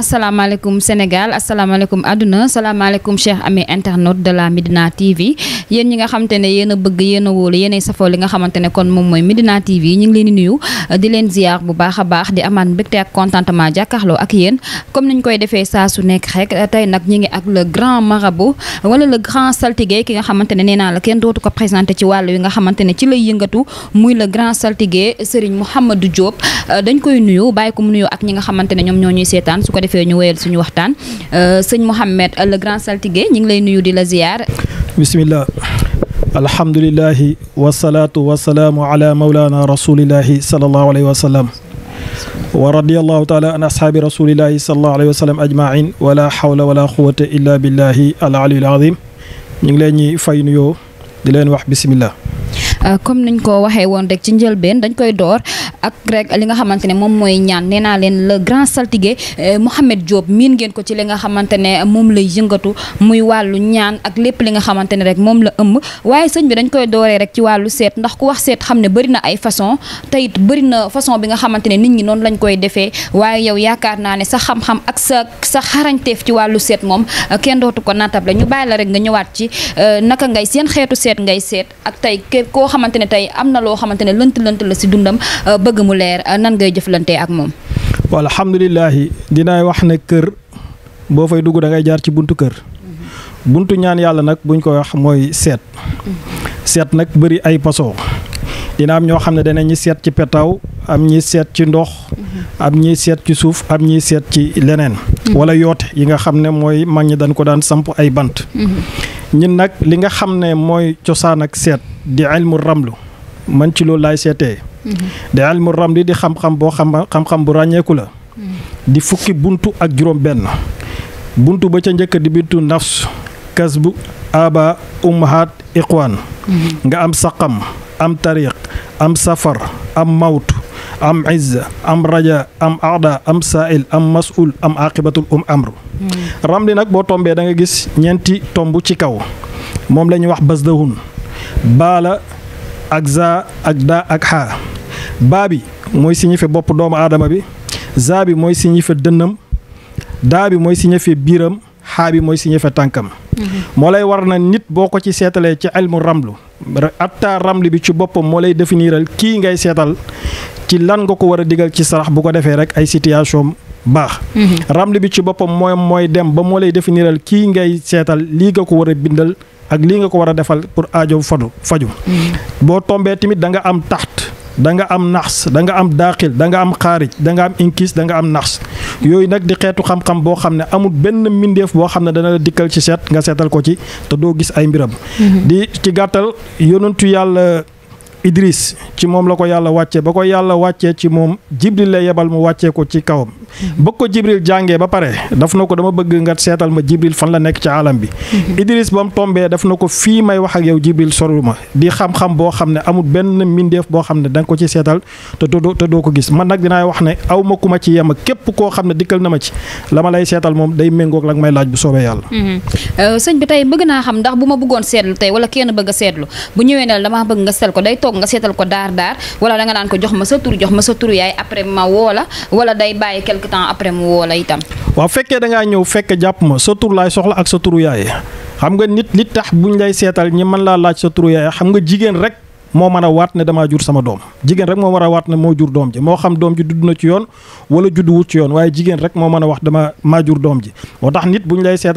asalaamaaleykum Sénégal asalaamaaleykum àdduna salaamaaleykum cheikh amee internaute de la Médina TV yéen ñi nga xamante ne yéen a bëgg yéen a wóolu yéen ay safoo li nga xamante ne kon moom mooy Médina TV ñu ngi leen di nuyu di leen ziar bu baax a baax di amaat mbégte ak contentement jàkkaarloo ak yéen comme ni ñu koy defee saa su nekk rek tey nag ñi ngi ak le grand bu wala le grand saltigué ki nga xamante ne nee naa la kenn dootu ko présenté ci wàll yi nga xamante ne ci lay yëngatu muy le grand saltigué Serigne Mouhamadou Diop dañ koy nuyu bàyyi ko mu nuyu ak ñi xamante ne ñoom ñoo ñuy seetaan su ko defee ñu suñu waxtaan euh, sëñ Mouhamed le grand saltigué ñu ngi lay nuyu di la ziyaar bismillah alhamdulillahi wasalaatu wasalaamu ala maulana rasulillahi salallahu alayhi wa sallam wa radiallahu taala an ashaabi rasulillahi salallahu alayhi wa sallam ajmain wala hawla wala quwata illa billahi al aliyul azim ñu ngi leen ñi fay nuyoo di leen wax bismillah Euh, comme ñu ko waxee woon rek ci njëlbeen dañ koy door ak rek li nga xamante ne moom mooy ñaan nee naa leen le grand saltigué euh, Mouhamed Diop miin ngeen ko ci li nga xamante ne moom lay yëngatu muy wàllu ñaan ak lépp li nga xamante ne rek moom la ëmb waaye sëñ bi dañ koy dooree rek ci wàllu seet ndax ku wax seet xam ne bëri na ay façon te it bëri na façon bi nga xamante ne nit ñi noonu lañ koy defee waaye yow yaakaar naa ne sa xam-xam ak sa sa xarañteef ci wàllu seet moom euh, kenn dootu ko la ñu bàyyi la rek nga ñëwaat ci naka ngay seen xeetu seet ngay seet xamante ne tey am na loo xamante ne lënt lënt la si dundam euh, bëgg mu leer euh, nan ngay jëflante ak moom. waaw alhamdulilah dinaay wax ne kër boo fay dugg da ngay jaar ci buntu kër. Mm-hmm. buntu ñaan yàlla nag buñ ko wax mooy seet. Mm-hmm. seet nag bëri ay paso dina am ñoo xam ne danañ ñi seet ci petaw am ñi seet ci ndox mm-hmm. am ñi seet ci suuf am ñi seet ci leneen wala yoote yi nga xam ne mooy mag ñi dañ ko daan samp ay bant ñun nag li nga xam ne mooy cosaan ak seet di ilmu ramlu man ci loolu lay seetee. Mhm. di ilmu ramlu di xam-xam boo xam xam bu ràññeeku la. Mhm. di fukki buntu ak juróom-benn buntu ba ca njëkk di bintu nafs kasbu aba ummahat iqwaan mhm. nga am saqam am tariq am safar am mawt am izza am raja am aada am saail am masul am aqibatul um amr ramli nag boo tombee da nga gis ñeenti tomb ci kaw moom la ñuy wax basdahun baala ak za ak daa ak xaa baa bi mooy signifié bopp doomu aadama bi za bi mooy signifié dënnam daa bi mooy signifié biiram xaa bi mooy signifié tànkam mhm. moo lay war na nit boo ko ci seetalee ci ilmu ramlu atta ramlu bi ci boppam moo lay définiral kii ngay seetal ci lan nga ko war a digal ci sarax bu ko defee rek ay situation baax mhm. ramlu bi ci boppam mooy mooy dem ba moo lay définiral kii ngay seetal lii nga ko war a bindal ak lii nga ko war a defal pour aajo faju faju mm. boo tombee tamit danga am taxt danga am naxs da nga am daaxil da nga am xaarij danga am inkiis da nga am naxs yooyu nag di xeetu xam-xam boo xam ne amul benn mbindeef boo xam ne dana la dikkal ci seet nga seetal ko ci te doo gis ay mbiram mm-hmm. di ci gàttal yonentu yàlla Idris ci moom la ko yàlla wàccee ba ko yàlla wàccee ci moom Jibril la yebal mu wàccee ko ci kawam ba ko Jibril jàngee ba pare daf na ko dama bëgg nga seetal ma Jibril fan la nekk ci alam bi mhm. Idris ba mu tombee daf na ko fii may wax ak yow Jibril soru ma di xam-xam boo xam ne amul benn mbindeef boo xam ne da ko ci seetal te doo te ko gis man nag dinaay wax ne ma ku ma ci yem képp koo xam ne dikkal na ma ci la ma lay seetal moom day méngoog la nga may mhm. euh, bi tey bëgg naa xam ndax bu ma bëggoon seetlu tey wala kenn a ko day toog nga seetal ko daar daar wala da nga naan ko jox ma sa tur jox ma sa tur yaay après ma woo la wala day bàyyi quelque temps après mu woo la itam. waaw fekkee da ñëw fekk jàpp ma sa tur laay soxla ak sa nit li tax buñ lay seetal ñi mën laa laaj sa turu yaay xam nga jigéen rek. moo mën a waat ne damaa jur sama doom jigéen rek moo war a waat ne moo jur doom ji moo xam doom ji dudd na ci yoon wala judd wut ci yoon waaye jigéen rek moo mën a wax dama maa jur doom ji moo tax nit bu ñu lay sa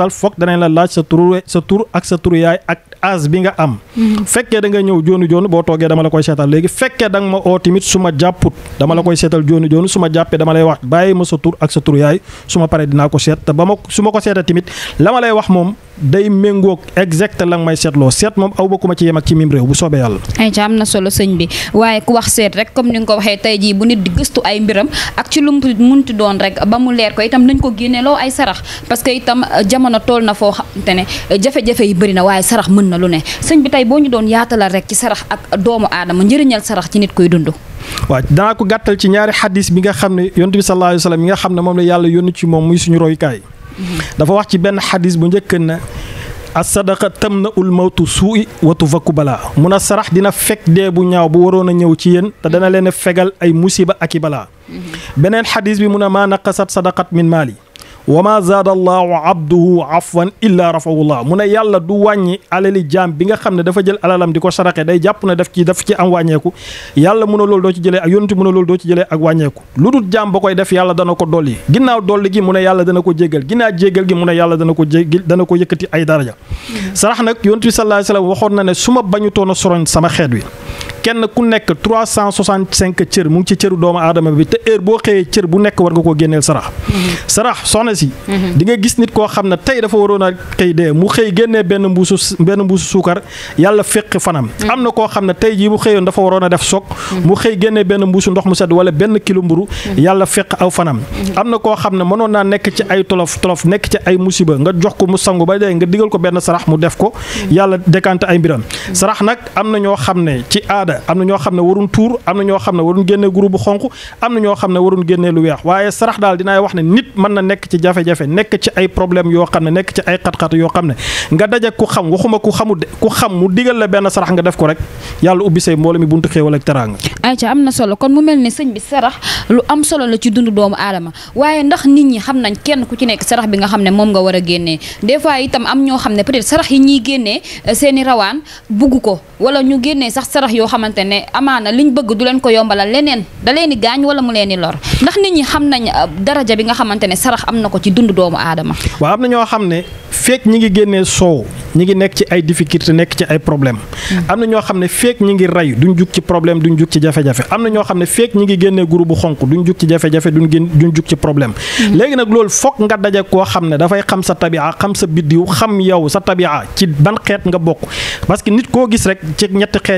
tur sa tur ak sa turu yaay ak âge bi nga am. fekkee da nga ñëw joonu joonu boo toogee dama la koy seetal léegi fekkee da nga ma oo tamit su ma jàpput dama la koy seetal joonu joonu su ma jàppee dama lay wax bàyyi ma sa tur ak sa tur yaay su paree dinaa ko seet te ma ko seetee tamit la ma lay wax moom day méngóog exact la nga may seetloo seet moom aw ba ku ma ci yem ak ci mim réew bu soobee yàlla. ayca am na solo sëñ bi waaye ku wax seet rek comme ni nga ko waxee tey jii bu nit di gëstu ay mbiram ak ci lu mu munti doon rek ba mu leer ko itam nañ ko génnee loo ay sarax parce que itam jamono tool na foo xamante ne jafe-jafe yi bëri na na lu ne sëñ bi tey boo ñu doon yaatalal rek ci sarax ak doomu aadama njëriñal sarax ci nit koy dund. waaw danaa ko gàttal ci ñaari xadis bi nga xam ne yonent bi sallallahu alayhi wa nga xam ne moom la yàlla yónni ci moom muy suñu roykaay mhm. dafa wax ci benn xadis bu njëkk na as-sadaqa tam na ul mawtu suu'i watu vakku balaa mun a sarax dina fekk dee bu ñaaw bu waroon a ñëw ci yéen te dana leen fegal ay musiba ak i balaa mhm. beneen xadis bi mun a maa naqasat sadaqat min maali wa ma zaada allahu abduhu afwan illa rafahullah mun a yàlla du wàññi alali jaam bi nga xam ne dafa jël alalam di ko saraxe day jàpp ne daf ci daf ci am wàññeeku yàlla mun a loolu doo ci jëlee ak yonent mun a lool doo ci jëlee ak wàññeeku lu dul jaam ba koy def yàlla dana ko dolli ginnaaw dolli gi mu ne yàlla dana ko jéggal ginnaaw jéggal gi mu a yàlla dana ko jéggal dana ko yëkkati ay daraja mm-hmm. sarax nag yonent bi sallallahu alayhi waxoon na ne su ma bañutoon a soroñ sama xeet wi kenn ku nekk 365 cër mu ngi ci cëru doomu aadama bi te heure boo xëyee cër bu nekk war nga koo génneel sarax. Mhm. sarax soxna si. Mhm. di nga gis nit koo xam ne tey dafa waroon a xëy dee mu xëy génnee benn mbuusu benn mbuusu suukar yàlla fekk fanam. Mhm. am na koo xam ne tey jii bu xëyoon dafa waroon a def soog. mu xëy génnee benn mbuusu ndox mu sedd wala benn kilo mburu yàlla fekk aw fanam. am na koo xam ne mënoon naa nekk ci ay tolof tolof nekk ci ay musiba nga jox ko mu sangu ba dee nga digal ko benn sarax mu def ko yàlla dékante ay mbiram sarax nag am na ñoo xam ne ci aada aada am na ñoo xam ne warun tuur am na ñoo xam ne warun génne groupe bu xonq am na ñoo xam ne warun génne lu weex waaye sarax daal dinaay wax ne nit mën na nekk ci jafe-jafe nekk ci ay problème yoo xam ne nekk ci ay xat-xat yoo xam ne nga daje ku xam waxuma ku xamu ku xam mu digal la benn sarax nga def ko rek yàlla ubbi say mbooloo mi buntu xéewal ak teraanga ayca am kon mu mel ne sëñ bi sarax lu am la ci dundu doomu aadama waaye ndax nit ñi xam nañ kenn ku ci nekk sarax bi nga xam ne moom nga war a génnee des fois itam am ñoo xam ne peut-être sarax yi ñuy génnee eh, seeni rawaan bugg ko wala ñu génnee sax sarax yoo xam xamante ne amaana liñ bëgg du leen ko yombalal leneen da leen di gaañ wala mu leen di lor ndax nit ñi xam nañ uh, daraja bi nga xamante ne sarax am na ko ci dund doomu aadama. waa am na ñoo xam ne feek ñi ngi génnee soow ñi ngi nekk ci ay difficulté nekk ci ay problème hmm. am na ñoo xam ne feek ñi ngi ray duñ jug ci problème duñ jug ci jafe-jafe am na ñoo xam ne feek ñi ngi génnee groupe bu xonq duñ jug ci jafe-jafe duñ génn duñ jug ci problème hmm. léegi nag loolu foog nga daje koo xam ne dafay xam sa tabia xam sa biddiw xam yow sa tabia ci ban xeet nga bokk parce que nit koo gis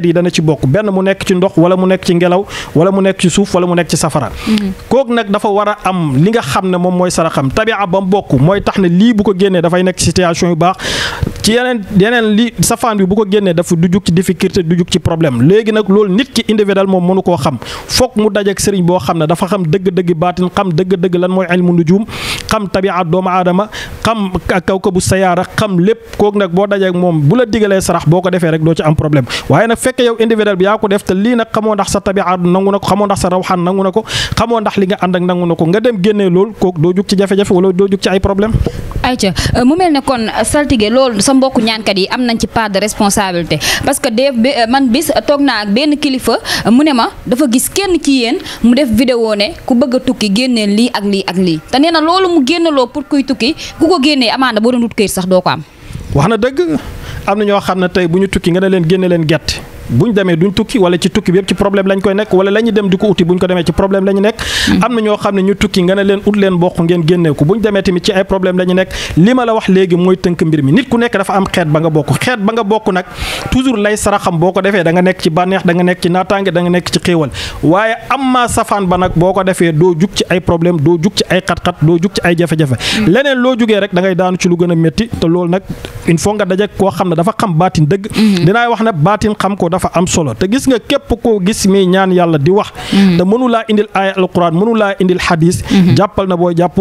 yi dana ci bokk benn mu nekk ci ndox wala mu nekk ci ngelaw wala mu nekk ci suuf wala mu nekk ci safara mhm. kooku nag dafa war a am li nga xam ne moom mooy saraxam tabia ba mu bokk mooy tax ne lii bu ko génnee dafay nekk situation yu baax ci yeneen yeneen li safaan bi bu ko génnee dafa du jug ci difficulté du jug ci problème léegi nag loolu nit ki individuel moom mënu koo xam foog mu dajeek sëriñ boo xam ne dafa xam dëgg-dëgg baatin xam dëgg-dëgg lan mooy ilmu nujum xam tabiat doomu aadama xam kawkabu sayaara xam lépp kooku nag boo dajeek moom bu la digalee sarax boo ko defee rek doo ci am problème waaye nag fekke yow individuel bi ko def te lii nag xamoo ndax sa na ko xamoo ndax sa rawxaan na ko xamoo ndax li nga ànd ak nangu na ko nga dem génnee loolu kooku doo jug ci jafe-jafe wala doo jug ci sa mbokku ñaankat yi am nañ ci part de responsabilité parce que de euh, man bis toog naa ak benn kilifa euh, mu ne ma dafa gis kenn ci yéen mu def vidéo ne ku bëgg tukki génneel lii ak lii ak lii te nee na loolu mu génnaloo pour kuy tukki ku ko génnee amaana boo doon wut këyit sax doo ko am. wax na dëgg am na ñoo xam ne tey bu ñu tukki nga ne leen génne leen gerte. buñ demee duñ tukki wala ci tukki bi yëpp ci problème lañ koy nekk wala la ñu dem di ko uti buñ ko demee ci problème la ñu nekk hmm. am na ñoo xam ne ñu tukki nga ne leen ut leen bokk ngeen génneeku buñ demee tamit ci ay problème la ñu nekk li ma la wax léegi mooy tënk mbir mi nit ku nekk dafa am xeet ba nga bokk xeet ba nga bokk nag toujours lay saraxam boo ko defee da nga nekk ci bànneex da nga nekk ci naataange da nga nekk ci xéewal waaye am maa safaan ba nag boo ko defee doo jug ci ay problème doo jug ci ay xat-xat doo jug ci ay jafe-jafe hmm. leneen loo jugee rek da ngay daanu ci lu gën a métti te loolu nag il faut nga dajek koo xam ne dafa xam baatin dëgg hmm. dinaay wax ne baatin xam ko dafa am solo te gis nga képp koo gis mi ñaan yàlla di wax. Mm. te mënu laa indil aaya alquran mënu indil xadis. Mm-hmm. jàppal na booy jàpp.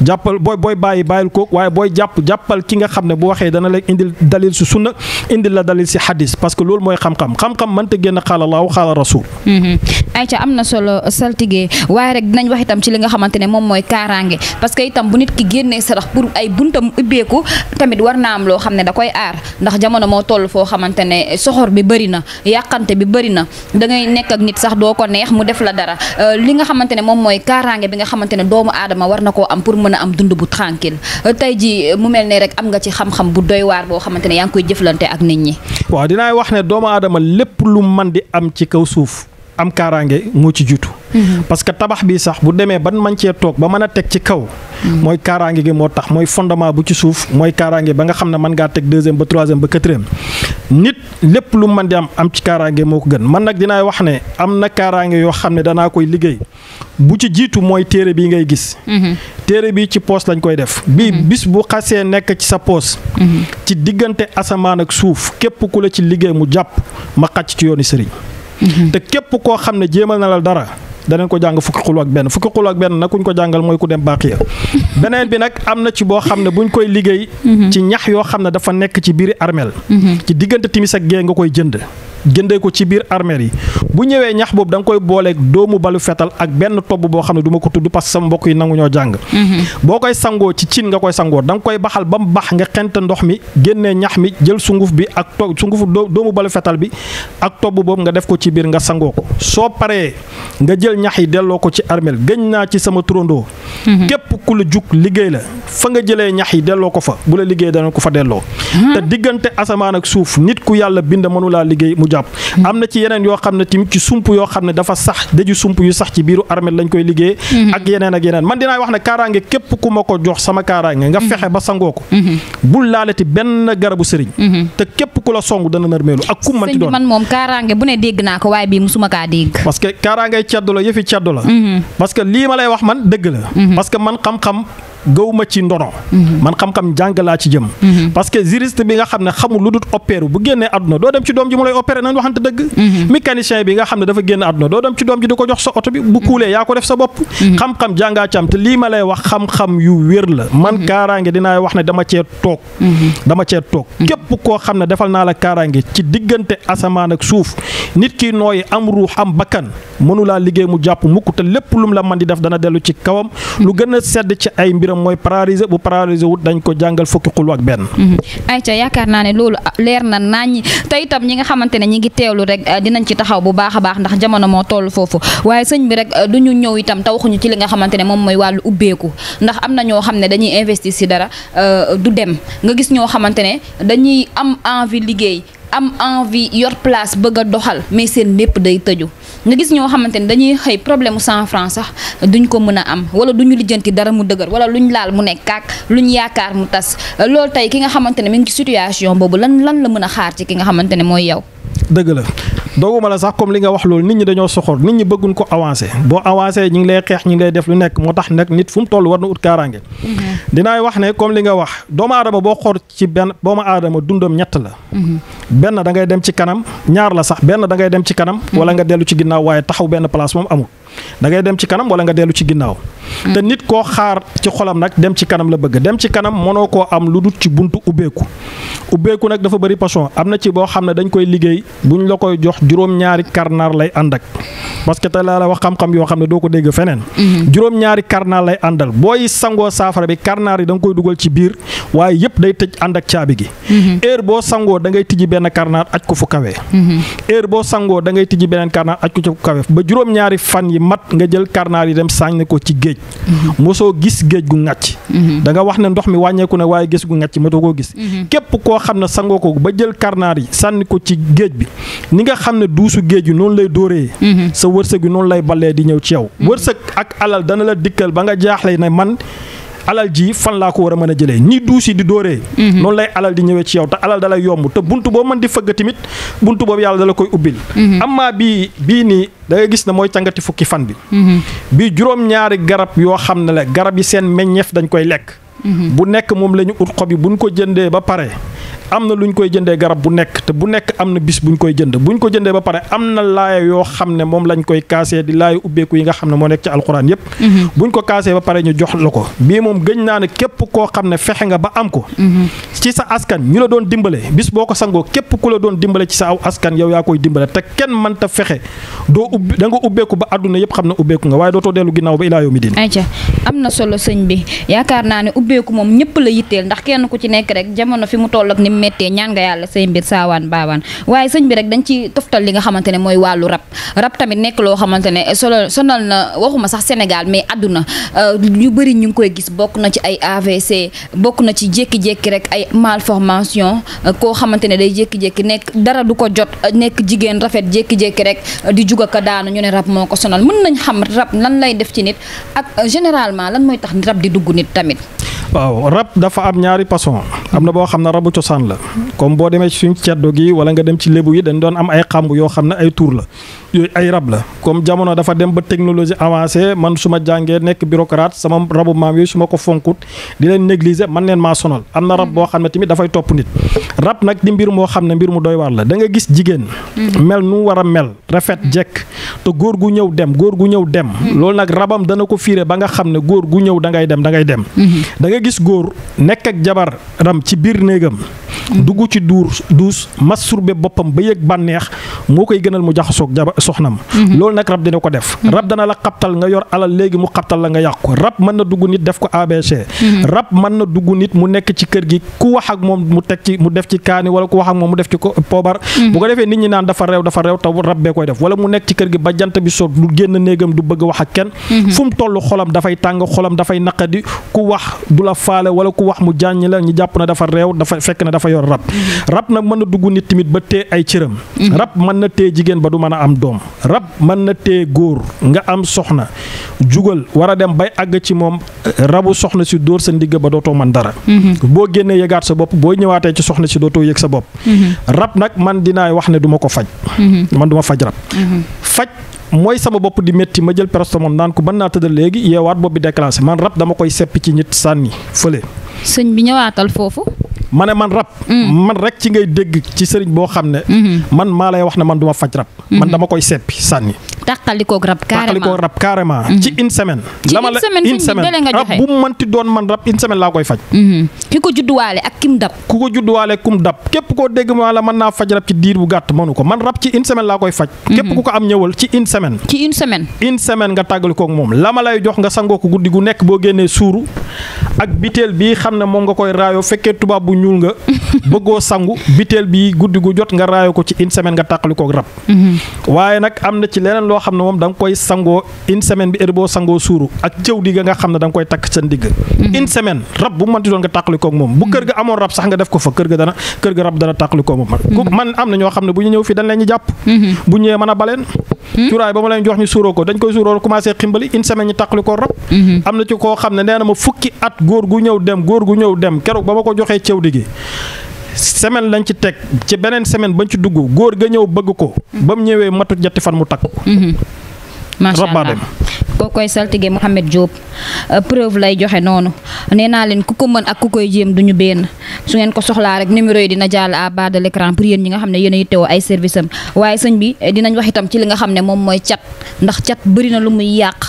jàppal booy booy bàyyi bàyyil kook waaye booy jàpp jàppal ki nga xam ne bu waxee dana la indil dalil si sunna indil la dalil si xadis parce que loolu mooy xam-xam xam-xam mënta génn xaala laaw xaala rasul mm-hmm. ayca am na solo saltige waaye rek dinañ wax itam ci li nga xamante moom mooy kaaraange da koy aar ndax jamono moo toll foo xamante euh, bi nga xamante doomu aadama war na koo am pour mën a am dund bu tranquille tey ji mu mel ne rek am nga ci xam-xam bu doy waar boo xamante ne yaa ngi koy jëflante ak nit ñi. waaw dinaa wax ne doomu aadama lépp lu man di am ci kaw suuf am kaaraange moo ci jiitu. Mhm. parce que tabax bi sax bu demee ban man cee toog ba mën a teg ci kaw. Mhm. mooy kaaraange gi moo tax mooy fondement bu ci suuf mooy kaaraange ba nga xam ne mën ngaa teg deuxième ba troisième ba quatrième. nit lépp lu mën di am am ci kaaraange moo ko gën man nag dinaay wax ne am na kaaraange yoo xam ne danaa koy liggéey bu ci jiitu mooy téere bii ngay gis. Mhm. téere bi ci poos lañ koy def. bi mhm. bis bu xasee nekk ci sa poos. Mhm. ci diggante asamaan ak suuf képp ku la ci liggéey mu jàpp ma xàcc ci yoonu sëriñ. te képp koo xam ne jéemal na la dara. danañ ko jàng fukki xulu ak benn fukki xulu ak benn nag kuñ ko jàngal mooy ku dem baaqiya beneen bi nag am na ci boo xam ne buñ koy liggéey mhm. ci ñax yoo xam ne dafa nekk ci biir armeel mhm. ci diggante timis ak gee nga koy jënd jëndee ko ci biir armère yi bu ñëwee ñax boobu da nga koy booleeg doomu balu fetal ak benn tobb boo xam ne du ma ko tudd parce que sama mbokk yi nangu ñoo jàng mhm. boo koy sangoo ci cin nga koy sangoo danga nga koy baxal ba mu bax nga xent ndox mi génnee ñax mi jël sunguf bi ak to sungufu doomu balu fetal bi ak tobb boobu nga def ko ci biir nga sangoo ko soo paree nga jël ñax yi delloo ko ci armel gëñ naa ci sama turandoo mhm. képp ku la jug liggéey la fa nga jëlee ñax yi delloo ko fa bu la liggéey ko fa delloo mhm. te diggante asamaan ak suuf nit ku yàlla bind mënulaa jàpp am na ci yeneen yoo xam ne tamit ci sump yoo xam ne dafa sax daju sump yu sax ci biiru armel lañ koy liggéey mhm. ak yeneen ak yeneen man dinaa wax ne kaaraange képp ku ma ko jox sama kaaraange nga mhm. fexe ba sangoo ko mhm. bul laalati benn garabu sëriñ te képp ku la song dana narmeelu ak kum man ci doon kaaraange bu ne dégg naa ko waaye bii musuma kaa dégg parce que ceddo la yëfi ceddo la parce lii ma lay wax man dëgg la parce man xam-xam gëwuma ci ndono mhm. man xam-xam jàng laa ci jëm mhm. parce que juriste bi nga xam ne xamul lu dul opérer bu génnee àdduna doo dem ci doom ji mu lay opérer nañ waxante dëgg mhm. mécanicien bi nga xam ne dafa génn àdduna doo dem ci doom ji di ko jox sa oto bi bu kuulee yaa ko def sa bopp xam-xam jàngaa ci am te lii ma lay wax xam-xam yu wér la man kaaraange dinaay wax ne dama cee toog dama cee toog képp koo xam ne defal naa la kaaraange ci diggante asamaan ak suuf nit kii nooyi am ruux am bakkan mënulaa liggéey mu jàpp mukk te lépp lum la man di def dana dellu ci kawam lu gën a sedd ci ay mbir mbiram mooy paralysé bu paralysé wut dañ ko jàngal fukki xulu ak benn. Mhm. ayca yaakaar naa ne loolu leer na nañ te itam ñi nga xamante ne ñi ngi teelu rek eh, dinañ ci taxaw bu baax a baax ndax jamono moo toll foofu waaye sëñ bi rek eh, du ñu ñëw itam te waxuñu ci li nga xamante ne moom mooy wàllu ubbeeku ndax am na ñoo xam ne dañuy investi si dara eh, du dem nga gis ñoo xamante ne dañuy am envie liggéey am envie yor place bëgg doxal mais seen lépp day tëju. nga gis ñoo xamante ne dañuy xëy problème mu cent sax duñ ko mën a am wala duñu lijjanti dara mu dëgër wala luñ laal mu nekk ak luñ yaakaar mu tas loolu tey ki nga xamante ne mi ngi ci situation boobu lan lan la mën a xaar ci ki nga xamante ne mooy yow dëgg la dooguma la sax comme li nga wax loolu nit ñi dañoo soxor nit ñi bëgguñ ko avancé boo avancé ñi ngi lay xeex ñi ngi lay def lu nekk moo tax nag nit fu mu toll war na ut kaaraange. Mhm. dinaay wax ne comme li nga wax doomu aadama boo xor ci benn doomu aadama dundam ñett la. Mhm. benn da ngay dem ci kanam ñaar la sax benn da ngay dem ci kanam. Mhm. wala nga dellu ci ginnaaw waaye taxaw benn place moom amul. da ngay dem ci kanam wala nga dellu ci ginnaaw. te mm. nit koo xaar ci xolam nag dem ci kanam la bëgg dem ci kanam mënoo koo am lu dul ci buntu ubbeeku. ubbeeku nag dafa bari façon am na ci boo xam ne dañ koy liggéey bu buñ la koy jox juróom-ñaari karnaar lay ànd ak parce que te laa la wax xam-xam yoo xam ne doo ko dégg feneen. Mm-hmm. juróom-ñaari karnaar lay àndal booy sangoo saafara bi karnaar yi da koy dugal ci biir waaye yëpp day tëj ànd ak caabi gi. Mm-hmm. heure boo sangoo da ngay tijji benn karnaar aj ko fu mm-hmm. boo sangoo da ngay tijji beneen karnaar aj ko fu kawe mat nga jël karnaar yi dem sànni ko ci géej mhm. mosoo gis géej gu ngàcc mhm. da nga wax ne ndox mi wàññeeku ne waaye gis gu ngàcc matoo koo gis mhm. képp koo xam ne sangoo ko ba jël karnaar yi sànni ko ci géej bi ni nga xam ne duusu géej yi noonu lay dóoree sa wërsëg yi noonu lay ballee di ñëw ci yow wërsëg ak alal dana la dikkal ba nga jaaxle ne man alal ji fan laa ko war a mën a jëlee ñi duusi di dóoree mhm. noonu lay alal di ñëwee ci yow te alal dalay yomb te bunt boo mën di fëgg tamit bunt boobu yàlla dala koy ubbil mhm. amma bii bii nii da gis ne mooy cangati fukki fan bi mhm. bii juróom-ñaari garab yoo xam ne garab yi seen meññeef dañ koy lekk bu nekk moom la ñu ut xob yi bu buñ ko jëndee ba pare am na lu ñu koy jëndee garab di laaya yi nga xam ne moo nekk ci mhm. ko kaasee ba pare ñu la ko bii moom ba mhm. boo ko sangoo képp ku la doon dimbale sa aw askan yow yaa koy dimbale te kenn mënta fexe doo ubbi da nga ubbeeku ba àdduna yépp xam ne ubbeeku nga na solo sëñ bi yaakaar naa ne ubbeeku moom ñëpp la yitteel ndax kenn ku ci nekk rek jamono fi mu toll ak ni méttee ñaan nga yàlla say mbir saawaan baawaan waaye sëñ bi rek dañ ci toftal li nga xamante mooy wàllu rab rab tamit nekk loo xamante ne solo sonal na waxuma sax Sénégal mais àdduna ñu euh, bëri ñu ngi koy gis bokk na ci ay AVC bokk na ci jékki-jékki rek ay malformation euh, koo xamante ne day jékki nekk dara du ko jot euh, nekk jigéen rafet jékki rek di juga ko daanu ñu ne rab moo ko sonal mën nañ xam rab lan lay def ci nit ak généralement lan mooy tax rab di dugg nit tamit waaw rab dafa am ñaari façon am na boo xam ne rabu cosaan la la comme boo demee ci suñ ceddo gi wala nga dem ci lébu yi dañ doon am ay xàmb yoo xam ne ay tur la yooyu ay rab la comme jamono dafa dem ba technologie avancée man su ma jàngee nekk bureaucrate sama rabu maam yooyu su ma ko fonkut di leen négliger man neen maa sonal am na rab boo xam ne tamit dafay topp nit rab nag di mbir moo xam ne mbir mu doy war la da nga gis jigéen mm-hmm. mel nu war a mel rafet mm-hmm. jekk te góor gu ñëw dem góor gu ñëw dem mm-hmm. loolu nag rabam dana ko fiire ba nga xam ne góor gu ñëw da ngay dem da ngay dem da ci biir néegam dugg ci duur duus surbe boppam ba yëg bànneex moo koy gënal mu jaxasoog jaba soxnam mhm. loolu nag rab dina ko def mhm. rab dana la xaptal nga yor alal léegi mu xaptal la nga yàq ko rab mën na dugg nit def ko ABC mhm. rab mën na dugg nit mu nekk ci kër gi ku wax ak moom mu teg ci mu def ci kaani wala ku wax ak moom mu def ci ko poobar bu ko defee nit ñi naan dafa reew dafa reew rab bee koy def wala mu nekk ci kër gi ba jant bi so du génn néegam du bëgg wax ak kenn fu mu toll xolam dafay tàng xolam dafay naqadi ku wax du la faale wala ku wax mu jàññ la ñu jàpp na dafa reew dafa fekk na dafa yor rab rab nag mën na dugg nit tamit ba tee ay cëram mën na téye jigéen ba du mën a am doom rab mën na téye góor nga am soxna jugal war a dem bay àgg ci moom eh, rabu soxna si dóor sa ndigg ba dootoo mën dara. Mm-hmm. boo génnee yëgaat sa bopp boo ñëwaatee ci soxna si dootoo yëg sa bopp. Mm-hmm. rab nag man dinaay wax ne du ko faj. Mm-hmm. man du ma faj rab. faj mooy sama bopp di métti ma jël paracétamol naan ko mën naa tëddal léegi yeewaat bopp bi déclenché man rab dama koy sepp ci nit sànni fële. sëñ bi ñëwaatal foofu. ma ne man rab. Mm. man rek ci ngay dégg ci sëriñ boo xam ne. Mm-hmm. man maa lay wax na man du ma faj rab. Mm-hmm. man dama koy seppi sànni. tàqalikoog rab carrément tàqalikoog rab carrément. Mm-hmm. ci une semaine. la ma la une semaine rab bu mu mënti doon man rab une koy faj. ki ko judduwaale ak kim dab. ku ko judduwaale kum dab képp koo dégg maa la mën naa faj rab ci diir bu gàtt mënu ko man rab ci une semaine koy faj. képp ku ko am une semaine. ci une semaine. une semaine nga tàggalikoog moom la ma lay jox nga sangoo ko guddi gu nekk boo génnee suuru ak biteel bii xam ne moom nga koy raayoo fekkee tubaab bu ñuul nga bëggoo sangu biteel bii guddi gu jot nga raayoo ko ci une semaine nga tàqali kook rab mhm. waaye nag am na ci leneen loo xam ne moom da nga koy sangoo une semaine bi heure boo sangoo suuru ak cëw digga nga xam ne da koy takk sa ndigg mhm. une semaine rab bu mënti doon nga tàqali moom bu mhm. kër ga amoon rab sax nga def ko fa kër ga dana kër ga rab dana tàqali kook moom man am na ñoo xam ne bu ñu ñëw fii dañ leen a Hmm? cuuraay ba ma leen jox ñu suuroo ko dañ koy suuroo commencé ximbali une semaine ñu tàqali ko rab hmm. am na ci koo xam ne nee na ma fukki at góor gu ñëw dem góor gu ñëw dem keroog ba ma ko joxee cëw di gi semaine lañ ci teg ci beneen semaine bañ ci dugg góor ga ñëw bëgg ko hmm. ba mu ñëwee matu jatti fan mu takk rab baa dem kookoy saltige Mouhamed Diop euh, preuve lay joxe noonu nee naa leen ku ko mën ak ku koy jéem du ñu benn su ngeen ko soxlaa rek numéro yi dina jàll à bas de l' écran pour yéen ñi nga xam ne yéen a ay service am waaye sëñ bi eh, dinañ wax itam ci li nga xam ne moom mooy cat ndax cat bëri na lu muy yàq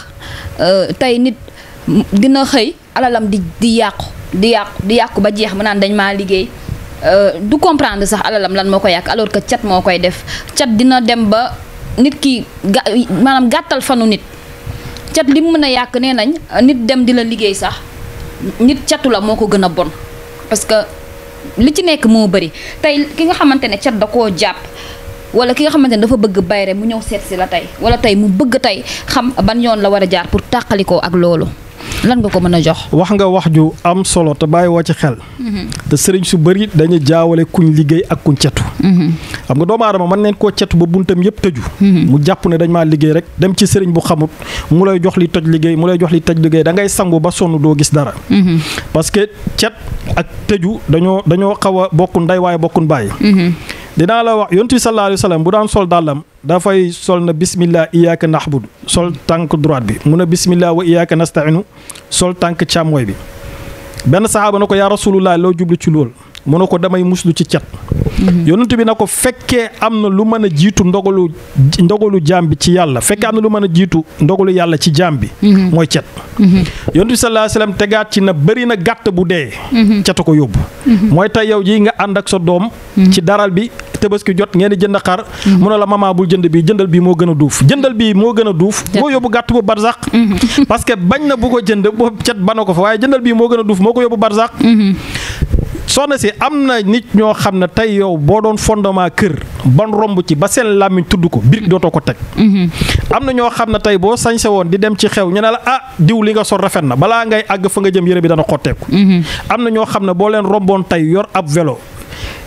euh, tey nit dina xëy alalam di di yàqu di yàqu di yàqu ba jeex mu naan dañ maa liggéey euh, du comprendre sax alalam lan moo ko yàq alors que cat moo koy def cat dina dem ba nit ki maanaam gàttal fanu nit cat li mu mën a yàq nee nañ nit dem di la liggéey sax nit catu la moo ko gën a bon parce que li ci nekk moo bëri tey ki nga xamante ne cat da koo jàpp wala ki nga xamante ne dafa bëgg bayre mu ñëw seet si la tey wala tey mu bëgg tey xam ban yoon la war a jaar pour tàqalikoo ak loolu lan nga ko mën a jox. wax nga wax ju am solo te bàyyi woo ci xel. Mm-hmm. te sëriñ su bëri dañu jaawale kuñ liggéey ak kuñ cetu. Mm-hmm. xam nga doomu aadama mën neen koo cetu ba buntam yëpp tëju. Mm-hmm. mu jàpp ne dañ maa liggéey rek dem ci sëriñ bu xamut mu lay jox li toj liggéey mu lay jox li toj da ngay sangu ba sonn doo gis dara. parce que cet ak tëju dañoo dañoo xaw a ndey waaye bokkun bàyyi. dinaa la wax yonent bi sallallahu bu daan sol dàllam dafay sol na bismillah iyaaka nahbudu sol tànk droite bi mu ne bismillah wa iyaaka nastainu sol tànk càmmooy bi benn saxaaba na ko yaa rasulullah loo jublu ci lool mu ne ko damay muslu ci cat mhm. yonent bi na ko fekkee am na lu mën a jiitu ndogalu ndogalu jaam bi ci yàlla fekkee am na lu mën a jiitu ndogalu yàlla ci jaam bi mhm. mooy cet mhm. yonent bi sallallahu tegaat ci na bëri na gàtt bu dee ceta ko yóbbu mooy tey yow ji nga ànd ak sa doom ci daral bi tabaski jot ngeen jënd xar mu ne la maman bul jënd bii jëndal bii moo gën a duuf jëndal bii moo gën a duuf moo yóbbu gàtt bu barsax mhm. parce bañ na bu ko jënd boobu cet bana fa waaye jëndal bii moo gën a duuf moo ko yóbbu barsax mhm. soxna si am na nit ñoo xam ne tey boo doon fondement kër ban romb ci ba seen làmmiñ tudd ko birig dootoo ko teg mhm. am na ñoo xam ne tey boo sañse woon di dem ci xew ñu ne la a ah, diw li nga sol rafet na balaa ngay àgg fa nga jëm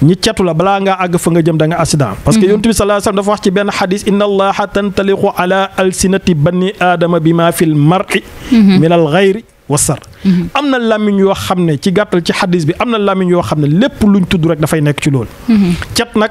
ñi catu la balaa ngaa àgg fa nga jëm da nga accident parce que mhm. yontu bi sallallahu alayhi wasallam dafa wax ci benn xadis inna allaha tantaliqu ala alsinati bani aadama bi ma fil mar'i mhm. min al wa wasar mhm. am na làmmiñ yoo xam ne ci gàttal ci xadis bi am na làmmiñ yoo xam ne lépp luñ tudd rek dafay nekk ci loolu cat nag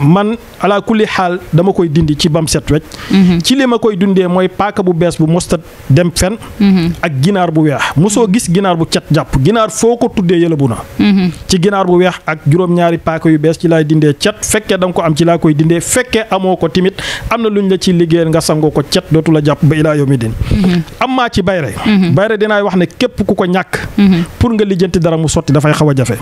man ala kulli xaal dama koy dindi ci bam set wecc mhm. ci li ma koy dundee mooy paaka bu bees bu mosta dem fen mhm. ak ginaar bu weex mosoo gis ginaar bu cet jàpp ginaar foo ko tuddee yëlëbu na mhm. ci ginaar bu weex ak juróom-ñaari paaka yu bees ci laay dindee cet fekkee da nga ko am ci laa koy dindee fekkee amoo ko timit am na luñ la ci liggéeyal nga sangoo ko cet dootu la jàpp ba ilaa yawmi din am maa ci bayre bayre dinaay wax ne képp ku ko ñàkk pour nga lijjanti dara mu sotti dafay xaw a jafe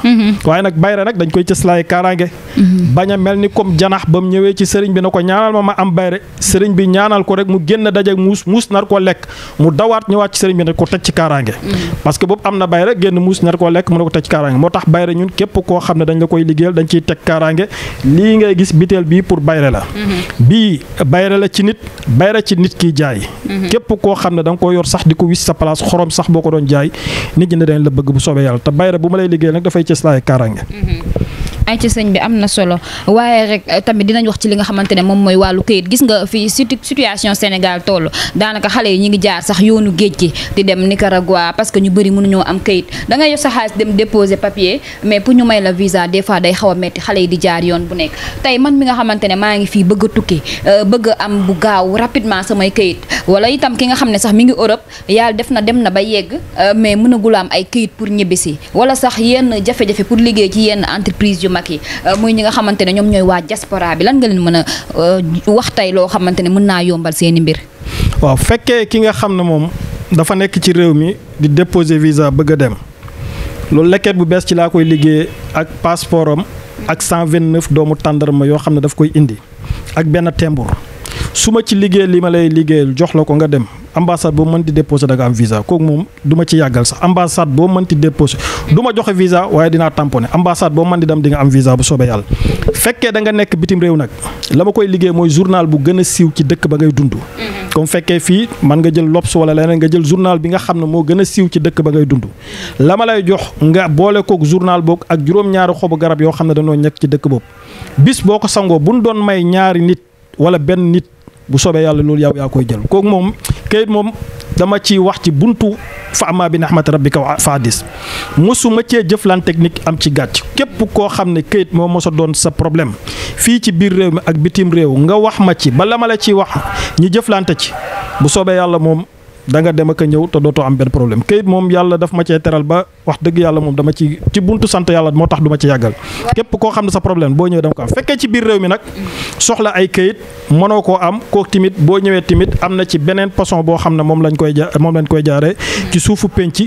comme janax ba mu ñëwee ci sëriñ bi na ko ñaanal ma ma am bayre sëriñ bi ñaanal ko rek mu génn dajeeg muus muus nar koo lekk mu dawaat ñëwaat ci sëriñ bi ne ko teg ci kaaraange mm-hmm. parce que boobu am na bayre génn muus nar ko lekk mu ne ko teg ci kaaraange moo tax bayre ñun képp koo xam ne dañ la koy liggéeyal dañ ciy teg kaaraange lii ngay gis biteel bii pour bayre la mm-hmm. bii bayre la ci nit bayre ci nit kiy jaay mm-hmm. képp koo xam ne da nga yor sax di ko wis sa place xorom sax boo ko doon jaay nit ñi ne dañ la bëgg bu soobee yàlla te bayre bu ma lay liggéeyal nag dafay cëslaay kaaraange ay ci sëñ bi am na solo waaye rek eh, tamit dinañ wax ci li nga xamante ne moom mooy wàllu këyit gis nga fii situation Sénégal toll daanaka xale yi ñu ngi jaar sax yoonu géej gi di dem Nicaragua parce que ñu bëri mënuñoo am këyit da ngay yor sa xaalis dem déposer papier mais pour ñu may la visa des fois day xaw a metti xale yi di jaar yoon bu nekk tey man mi nga xamante ne maa ngi fii bëgg a tukki eh, bëgg am bu gaaw rapidement samay këyit wala itam ki nga xam ne sax mi ngi Europe yàlla def na dem na ba yegg eh, mais mënagul am ay këyit pour ñibbisi wala sax yenn jafe pour liggéey ci yenn entreprise yu mag yi euh, muy ñi nga xamante ne ñoom ñooy waa diaspora bi lan nga leen mën a euh, wax tey loo xamante ne mën naa yombal seeni mbir. waaw fekkee ki nga xam ne moom dafa nekk ci réew mi di déposé visa bëgg a dem loolu lekket bu bees ci laa koy liggéey ak passeport am ak 129 doomu tàndarma yoo xam ne daf koy indi ak benn tembour su ma ci liggéey li ma lay liggéeyal jox la ko nga dem ambassade boo mënti déposé da nga am visa kooku moom du ma ci yàggal sax ambassade boo mënti déposé duma ma joxe visa waaye dinaa tamponné ambassade boo mën di dem di nga am visa bu soobee yàlla. fekkee danga nga nekk bitim réew nag la ma koy liggéey mooy journal bu gën a siiw ci dëkk ba ngay dund. Mm-hmm. comme fekkee fii man nga jël L'Obs wala leneen nga jël journal bi nga xam ne moo gën a siiw ci dëkk ba ngay dund. la lay jox nga boole kook journal boog ak juróom-ñaari xobu garab yoo xam ne dañoo nekk ci dëkk boobu bis boo ko sangoo bu ñu doon may ñaari nit wala benn nit bu soobee yàlla loolu yow yaa koy jël kooku moom kayit moom dama ciy wax ci buntu faama bi nahmat rabbika wa fadis mosuma cee jëflan technique am ci gàcc képp koo xam ne kayit moo mosa doon sa problème fii ci biir réew mi ak bitim réew nga wax ma ci bala ma la ciy wax ñi jëflante ci bu soobee yàlla moom da nga dem ak a ñëw te dootoo am benn problème kayit moom yàlla daf ma cee teral ba wax dëgg yàlla moom dama ci ci buntu sant yàlla moo tax duma ci yàggal képp koo xam ne sa problème boo ñëwee dama ko am fekkee ci biir réew mi nag soxla ay kayit mënoo koo am koo timit boo ñëwee timit am na ci beneen façon boo xam ne moom lañ koy ja moom lañ koy jaaree ci suufu penc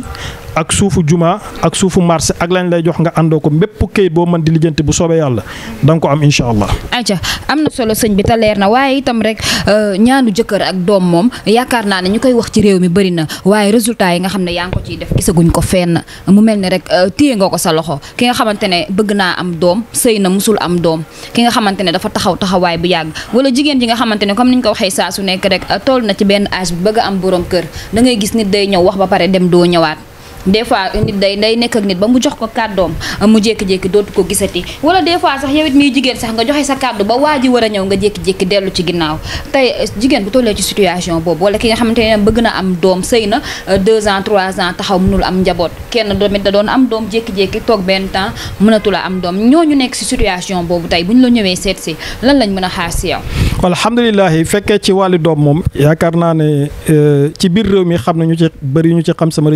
ak suufu juma ak suufu marché ak lañ lay jox nga àndoo ko bépp këyit boo mën di lijjanti bu soobee yàlla da nga ko am incha allah. aja am na solo sëñ bi te leer na waaye itam rek euh, ñaanu jëkkër ak doom moom yaakaar naa ne ñu koy wax ci réew mi bëri na waaye résultat yi nga xam ne yaa ngi ko ciy def gisaguñ ko fenn mu mel ne rek euh, téye nga ko sa loxo ki nga xamante ne bëgg naa am doom sëy na musul am doom ki nga xamante ne dafa taxaw taxawaay bu yàgg wala jigéen ji nga xamante ne comme ni ñu ko waxee saa su nekk rek euh, toll na ci benn âge bëgg am borom kër da gis nit day ñëw wax ba pare dem doo ñëwaat des fois nit day day nekk ak nit ba mu jox ko kàddoom mu jékki-jékki dootu ko gisati wala des fois sax yow muy jigéen sax nga joxe sa kàddu ba waa ji war a ñëw nga jékki-jékki dellu ci ginnaaw tey euh, jigéen bu tollee ci situation boobu wala ki nga xamante ne bëgg na am doom sëy na euh, deux ans trois ans taxaw mënul am njaboot kenn doomit da doon am doom jékki-jékki toog benn temps mënatula am doom ñooñu nekk si situation boobu tey bu ñu la ñëwee seet si lan lañ mën a xaar si yow alhamdulilah fekkee ci wàllu doom moom yaakaar naa ne euh, ci biir réew na ñu ci bëri ñu ci xam sama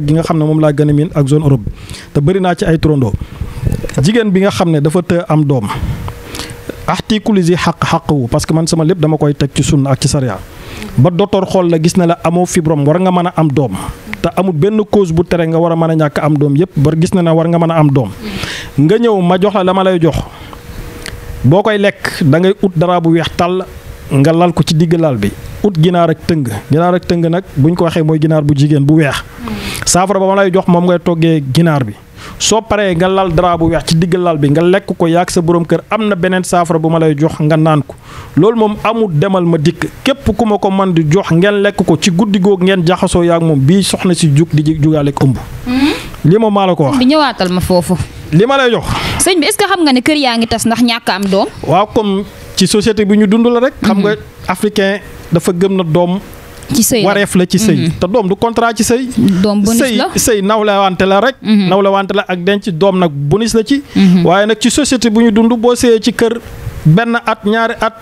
Afrique nga xam ne moom laa gën a miin ak zone Europe bi te bari naa ci ay trondo jigéen bi nga xam ne dafa të am doom axtikulisi xaq xaq wu parce que man sama lépp dama koy teg ci sunna ak ci sariya ba docteur xool la gis na la amoo fibrome war nga mën a am doom te amul benn cause bu tere nga war a mën a ñàkk am doom yépp ba gis na ne war nga mën a am doom nga ñëw ma jox la la lay jox boo koy lekk da ngay ut dara bu weex tàll nga lal ko ci digg laal bi ut ginaar ak tëng ginaar ak tëng nag buñ ko waxee mooy ginaar bu jigéen bu weex saafara ba ma lay jox moom ngay toggee ginaar bi soo paree nga lal dara bu weex ci digg lal bi nga lekk ko yaag sa borom kër am na beneen saafara bu ma lay jox nga naan ko loolu moom amul demal ma dikk képp ku ma ko man di jox ngeen lekk ko ci guddi googu ngeen jaxasoo yaag moom bii soxna si jug di jugaale ëmb. Hmm? li ma maa la ko wax. bi ñëwaatal ma foofu. li ma lay jox. sëñ bi est xam nga ne kër yaa ngi tas ndax ñàkk am ci société bi ñu dund la rek. xam mhm. nga africain dafa gëm na doom. ci sëy wareef la ci sëy. Mhm. te doom du contrat ci sëy. doom bonus la sëy sëy nawlewante la rek. Mhm. nawlewante la ak denc doom nag bonus la ci. waaye nag ci société bu ñu dund boo sëyee ci kër. benn at ñaari at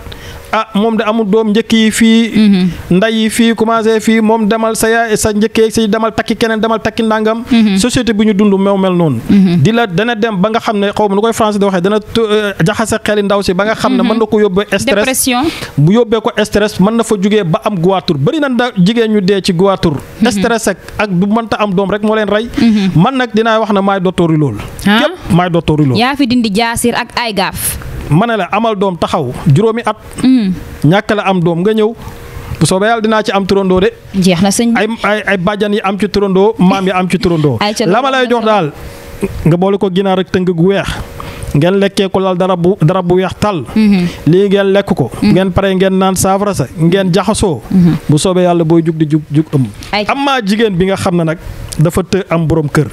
ah moom de amul doom njëkk yi fii mhm. nday yi fii commencé fii moom demal sa yaay sa njëkkee si demal takki keneen demal takki ndàngam mhm. société bu ñu dund meew mel noonu mhm. dina dana dem ba nga xam ne xaw ma nu koy français di waxee dana euh, jaxase xeli ndaw si ba nga xam ne mën na ko yóbbee stress bu yóbbee ko stress mën na fa jógee ba am guwaatur bëri na da jigéen ñu dee ci guwaatur stress ak ak bu mënta am doom rek moo leen rey man nag dinaa wax ne maay dottooru loolu ah? fi dindi jaasir ak ay ma ne la amal doom taxaw juróomi at. Hmm. ñàkk la am doom nga ñëw. bu soobee yàlla dinaa ci am turandoo de. jeex na sëñ ay ay ay bàjjan yi am ci turandoo maam yi am ci turandoo. la ma jox daal nga boole ko ginaar rek tëng gu weex. ngeen lekkee ko lal dara bu dara bu weex tàll. Hmm. lii ngeen lekk ko. Hmm. ngeen pare ngeen naan saafara sax ngeen jaxasoo. bu soobee yàlla booy jug di jug jug ëmb. am maa jigéen bi nga xam ne nag dafa të am borom kër.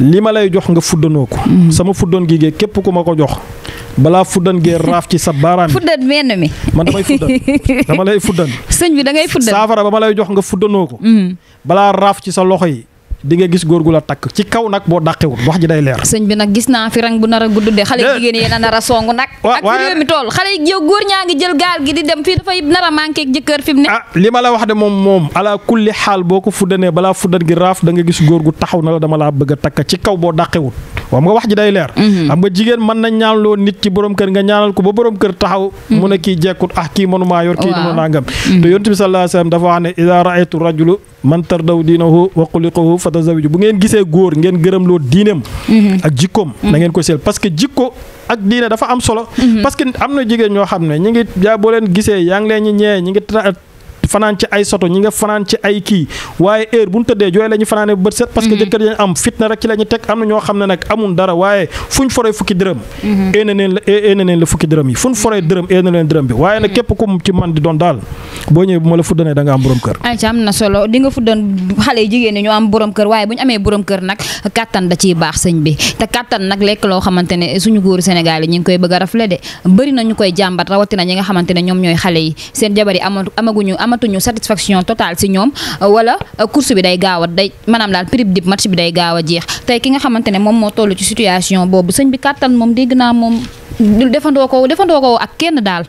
li ma lay jox nga fuddanoo ko. Mm-hmm. sama fuddan gi képp ku ma ko jox. balaa fuddan gee raaf ci sa baaraam. fuddan menn mi. man damay fuddan dama sëñ bi da ngay fuddan saafara ba ma lay jox nga fuddanoo ko. Mm-hmm. balaa raaf ci sa loxo yi. di nga gis góor gu la takk ci kaw nag boo dàqewul wax ji day leer. sëñ bi nag gis naa fi rang bu nar a gudd de xale jigéen yéen a nar a songu nag. ak fi réew mi toll xale yow góor ñaa ngi jël gaal gi di dem fii dafay nar a manqué ak jëkkër fi mu ne. Ah, li ma la wax de moom moom ala kulli xaal boo ko fuddanee balaa fuddan gi raaf da nga gis góor gu taxaw na la dama laa bëgg a takk ci kaw boo dàqewul xam nga wax ji day leer mhm. xam nga jigéen mën na loo nit ci borom kër nga ñaanal ko ba borom kër taxaw mu ne kii jekkut ah kii mënumaa yor kii mënu naa ngam mhm. te yonent bi sallallahu alayhi wasallam dafa wax ne ida raaytu rajulu man tardaw diinahu wa xuliqahu fatazawiju bu ngeen gisee góor ngeen gërëm loo diineem mhm. ak jikkoom na ngeen ko seel parce que jikko ak diine dafa am solo parce que am na jigéen ñoo xam ne ñu ngi yaa boo leen gisee yaa ngi leen ñi ñee ñi ngi fanaan ci ay soto ñi nga fanaan ci ay kii waaye heure bu ñu tëddee jooy la ñu bët set parce que mhm. jëkkër yañ am fitna rek ci la ñu teg am na ñoo xam ne nag amul dara waaye fuñ foree fukki dërëm mhm. éena neen la fukki dërëm yi fuñ foree mhm. dërëm éena leen dërëm bi waaye nag képp ku ci man di doon daal boo ñëwee bu ma la fuddanee da nga am borom kër ay ci am na solo di yi jigéen ñi am borom kër waaye bu ñu amee borom kër nag kàttan da ciy baax sëñ bi te kàttan nag lekk loo xamante ne suñu góoru Sénégal yi ñu ngi koy bëgg a rafle de bëri na ñu koy jàmbat rawatina ñi nga xamante ne ñoom ñooy xale yi seen jabar yi amaguñu amatuñu satisfaction totale si ñoom euh, wala euh, course bi day gaaw a day maanaam daal prix dip match bi day gaaw a jeex tey ki nga xamante ne moom moo toll ci situation boobu sëñ bi kàttan moom dégg naa moom defandoo ko defandoo ko ak kenn daal.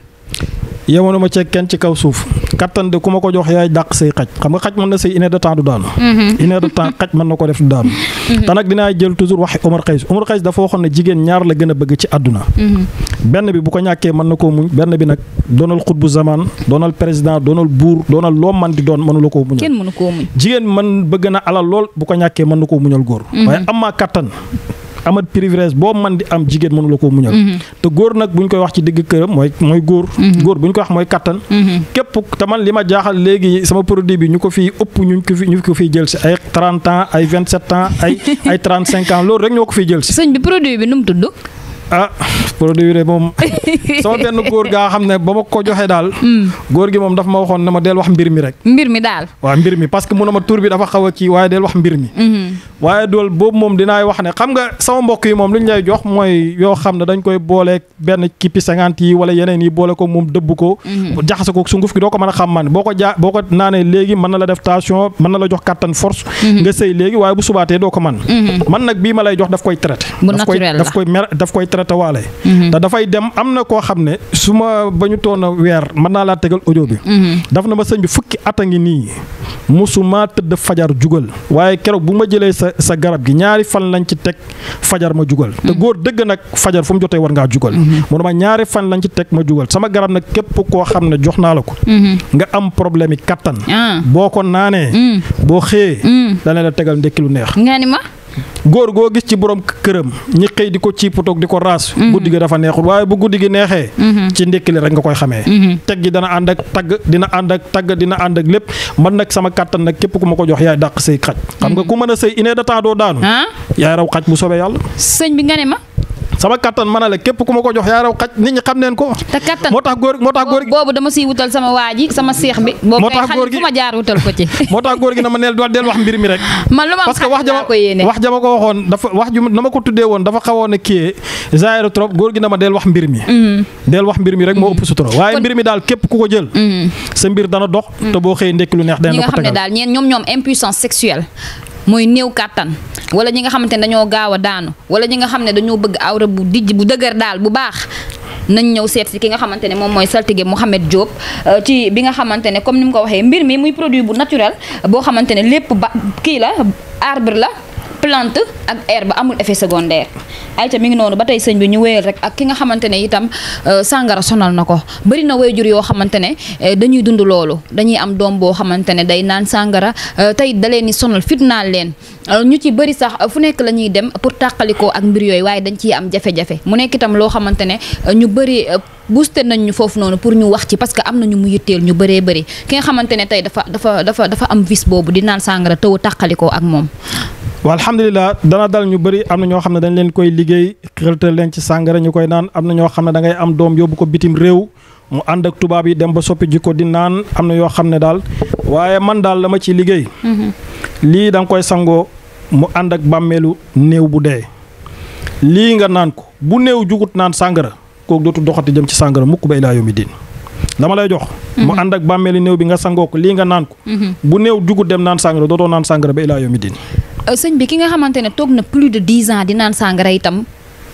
yemoonu ma ceeg kenn ci kaw suuf kattan de ku ma ko jox yaay dàq say xaj xam nga xaj mën na say une heure de temps du daanu. Mhm. une heure temps xaj mën na ko def du daanu. Mhm. te nag dinaa jël toujours waxi Omar Xays Omar Xays dafa waxoon ne jigéen ñaar la gën a bëgg ci àdduna. Mhm. benn bi bu ko ñàkkee mën na koo muñ benn bi nag doonal xutbu zaman doonal président doonal buur doonal loo man di doon mënu la koo muñal. kenn mënu koo muñ. jigéen man bëgg na alal lool bu ko ñàkkee mën na koo muñal góor. waaye am maa kattan amat privilège boo man di am jigéen mënu la koo muñal mhm. te góor nag buñ koy wax ci digg këram mooy mooy góor mhm. góor buñ koy wax mooy kattan mhm. képp te man li ma jaaxal léegi sama produit bi ñu ko fii ëpp ñu ko fi ñu ko fiy jël ay 30 ans ay 27 ans ay ay 35 ans loolu rek ñoo ko fiy jël sëñ bi produit bi nu tudd ah produit de moom sama benn góor gaa xam ne ba ma ko joxee daal. Hmm. góor gi moom daf ma waxoon ne ma del wax mbir mi rek. mbir mi daal. waaw mbir mi parce que mu ne ma tur bi dafa xaw a ci waaye del wax mbir mi. Hmm. waaye boobu moom dinaay wax ne xam nga sama mbokk yi moom lu ñu lay jox mooy yoo xam ne dañ koy boole benn kippi cinquante yi wala yeneen yi boole ko moom dëbb ko. Hmm. jaxase ko sunguf gi doo ko mën a xam man boo ko jaa boo ko naanee léegi mën na la def tension mën na la jox kattan force. nga sëy léegi waaye bu subaatee doo ko mën. man nag bii ma lay jox daf koy traité. bu naturel koy retraité waale. Mhm. te dafay dem am na koo xam ne su ma ba ñu a weer mën naa laa tegal audio bi. Mhm. daf na ma sëñ bi fukki at a ngi nii musuma tëdd fajar jugal waaye keroog bu ma jëlee sa sa garab gi ñaari fan lañ ci teg fajar ma jugal. te mhm. góor dëgg nag fajar fu mu jotee war ngaa jugal. mu ne ma ñaari fan lañ ci teg ma jugal sama garab na képp koo xam ne jox naa la ko. nga am problème yi kattan. Ah. boo ko naanee. Mm. boo xëyee. Mm. dana la tegal ndekki lu neex. góor goo gis ci borom këram ñi xëy di ko ci putoog di ko raas mm-hmm. guddi gi dafa neexul waaye bu guddi gi neexee mm-hmm. ci ndékkili rek nga koy xamee mm-hmm. teg gi dana ànd ak tagg dina ànd ak tagg dina ànd ak lépp man nag sama kàttan nag képp ku ma ko jox yaay dàq sëy xaj xam nga ku mën a sëy une de doo daanu yaay raw xaj bu soobee yàlla sëñ bi nga ne ma sama kattan ma ne la képp ku ma ko jox yaa raw xaj nit ñi xam neen ko. te kattan moo tax góor moo tax góor gi boobu dama wutal sama waa ji sama seex bi. moo tax góor gi boo koy xale fu ma jaar wutal ko gi na ma neel doon del wax mbir mi rek. man lu ma am xaj laa ko yéene wax jama wax jama ko waxoon dafa wax ko tuddee woon dafa xawoon a kii zaayru trop góor gi na ma del wax mbir mi. Mm-hmm. del wax mbir mi rek moo ëpp sutura mm-hmm. waaye mbir mi daal képp ku ko jël. Mm-hmm. sa mbir dana dox. te boo xëyee ndekki lu neex dana ko tegal ñi nga xam ne daal ñoom ñoom impuissance sexuelle mooy néew kàttan wala ñi nga xamante ne dañoo gaaw a daanu wala ñi nga xam ne dañoo bëgg awra bu dijj bu dëgër daal bu baax nañ ñëw seet ki nga xamante ne moom mooy saltige Mouhamed Diop euh, ci bi nga xamante ne comme ni mu ko waxee mbir mi muy produit bu naturel boo xamante ne lépp ba kii la arbre la plante ak herbe amul effet secondaire ayca mi ngi noonu ba tey sëñ bi ñu wéyal rek ak ki nga xamante ne itam euh, sàngara sonal na ko bari na woy jur yoo xamante ne euh, dañuy dund loolu dañuy am doom boo xamante ne day naan sàngara euh, tey da leen ni sonal fitnaal leen ñu ci bëri sax fu nekk la ñuy dem pour tàqalikoo ak mbir yooyu waaye dañ ciy am jafe mu nekk itam loo xamante ne ñu bëri boosté nañ ñu foofu noonu pour ñu wax ci parce que am na mu yitteel ñu bëree bëri ki xamante ne tey dafa dafa dafa dafa am vise boobu di naan sàngara tëw tàqalikoo ak moom waaw alhamdulilah dana dal ñu bari am na ñoo xam ne dañ leen koy liggéey xeltal leen ci sàngara ñu koy naan am na ñoo xam ne da ngay am doom yóbbu ko bitim réew mu ànd ak tubaab yi dem ba soppi jikko di naan am na yoo xam ne daal waaye man daal la ma ciy liggéey. Mm-hmm. lii da koy sangoo mu ànd ak bàmmeelu néew bu dee. lii nga naan ko bu néew jugut naan sàngara kooku dootu doxati jëm ci sàngara mukk ba ilaa yawmi diin dama lay jox. Mm-hmm. mu ànd ak bàmmeelu néew bi nga sangoo ko lii nga naan ko. Mm-hmm. bu néew jugut naan sàngara dootoo naan sàngara ba ilaa Euh, sëñ bi ki nga xamante ne toog na plus de dix ans di naan sàngara itam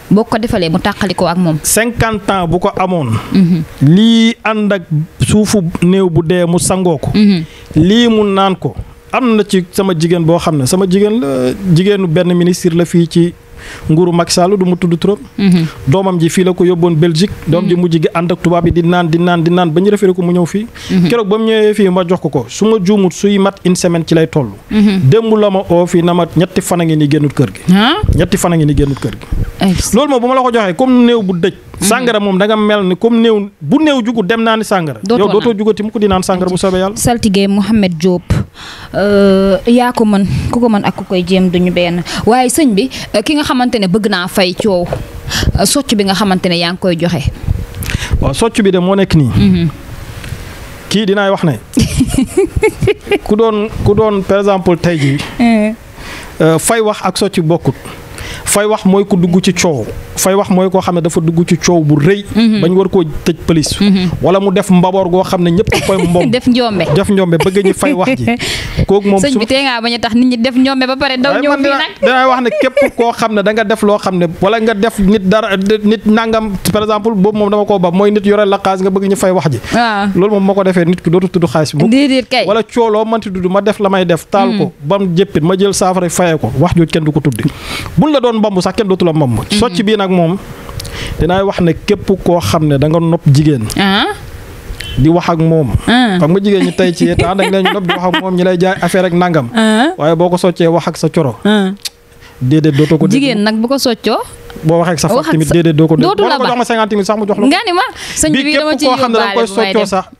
boo ko defalee mu tàqali ko ak moom. cinquante ans bu ko amoon. Mhm. lii ànd ak suufu néew bu dee mu sangoo ko. Mhm. lii mu naan ko am na ci sama jigéen boo xam ne sama jigéen la jigéenu benn ministre la fii ci. nguuru Macky Sall du tudd trop. Mhm. doomam ji fii la ko yóbboon Belgique. Mhm. doom ji mujj gi ànd ak tubaab yi di naan di naan di naan ba ñu référé ko mu ñëw fii. Mhm. keroog ba mu ñëwee fii ma jox ko ko su ma juumut suy mat une semaine ci lay toll. démb la ma oo fii na ma ñetti fan a ngi ni génnut kër gi. ñetti fan a ngi ni génnut kër gi. loolu moom bu ma la ko joxee comme néew bu dëj. sàngara moom da nga mel ni comme néew bu néew jugu dem naa sàngara. yow dootoo Euh, yaa ko mën ku ko mën ak ku koy jéem duñu benn waaye sëñ bi euh, ki nga xamante ne bëgg naa fay coow euh, socc bi nga xamante ne yaa ngi koy joxe. waaw socc bi de moo nekk nii. Mhm. kii dinaay wax ne ku doon ku doon par exemple tey jii. Eh. fay wax ak socc bokkut. fay wax mooy ko dugg ci coow fay wax mooy koo xam ne dafa dugg ci coow bu rëy mhm. bañ war koo tëj pëlis mhm. wala mu def mbaboor goo xam ne ñëpp a koy mbom def njombe def njombe bëgg ñu fay wax ji kooku moom sëñ bi tee ngaa bañ tax nit def njombe ba pare daw ñëw fii nag koo xam ne da nga def loo xam ne wala nga def nit dara nit nangam par exemple boobu moom dama koo ba mooy nit yore la xaalis nga bëgg ñu fay wax ji ah. loolu moom moo ko defee nit ki dootu tudd xaalis bu wala coow loo mënti dudd ma def la may def taal ko mm. bam jëppit ma jël saafara faye ko wax jooju kenn du ko tuddi doon mbamb sax kenn dootu la mbamb. Mhm. socc bii nag moom danaay wax ne képp koo xam ne da nga nopp jigéen. Ah. di wax ak moom. Ah. xam nga jigéen ñi tey ci temps dañ leen nopp wax ak moom ñi lay jaay affaire ak nangam. Ah. waaye boo ko soccee wax ak sa coro. déedéet dootoo ko. jigéen nag bu ko soccoo. boo waxee sax foofu tamit déedéet doo ko. dootu la ba jox ma 50 000 sax mu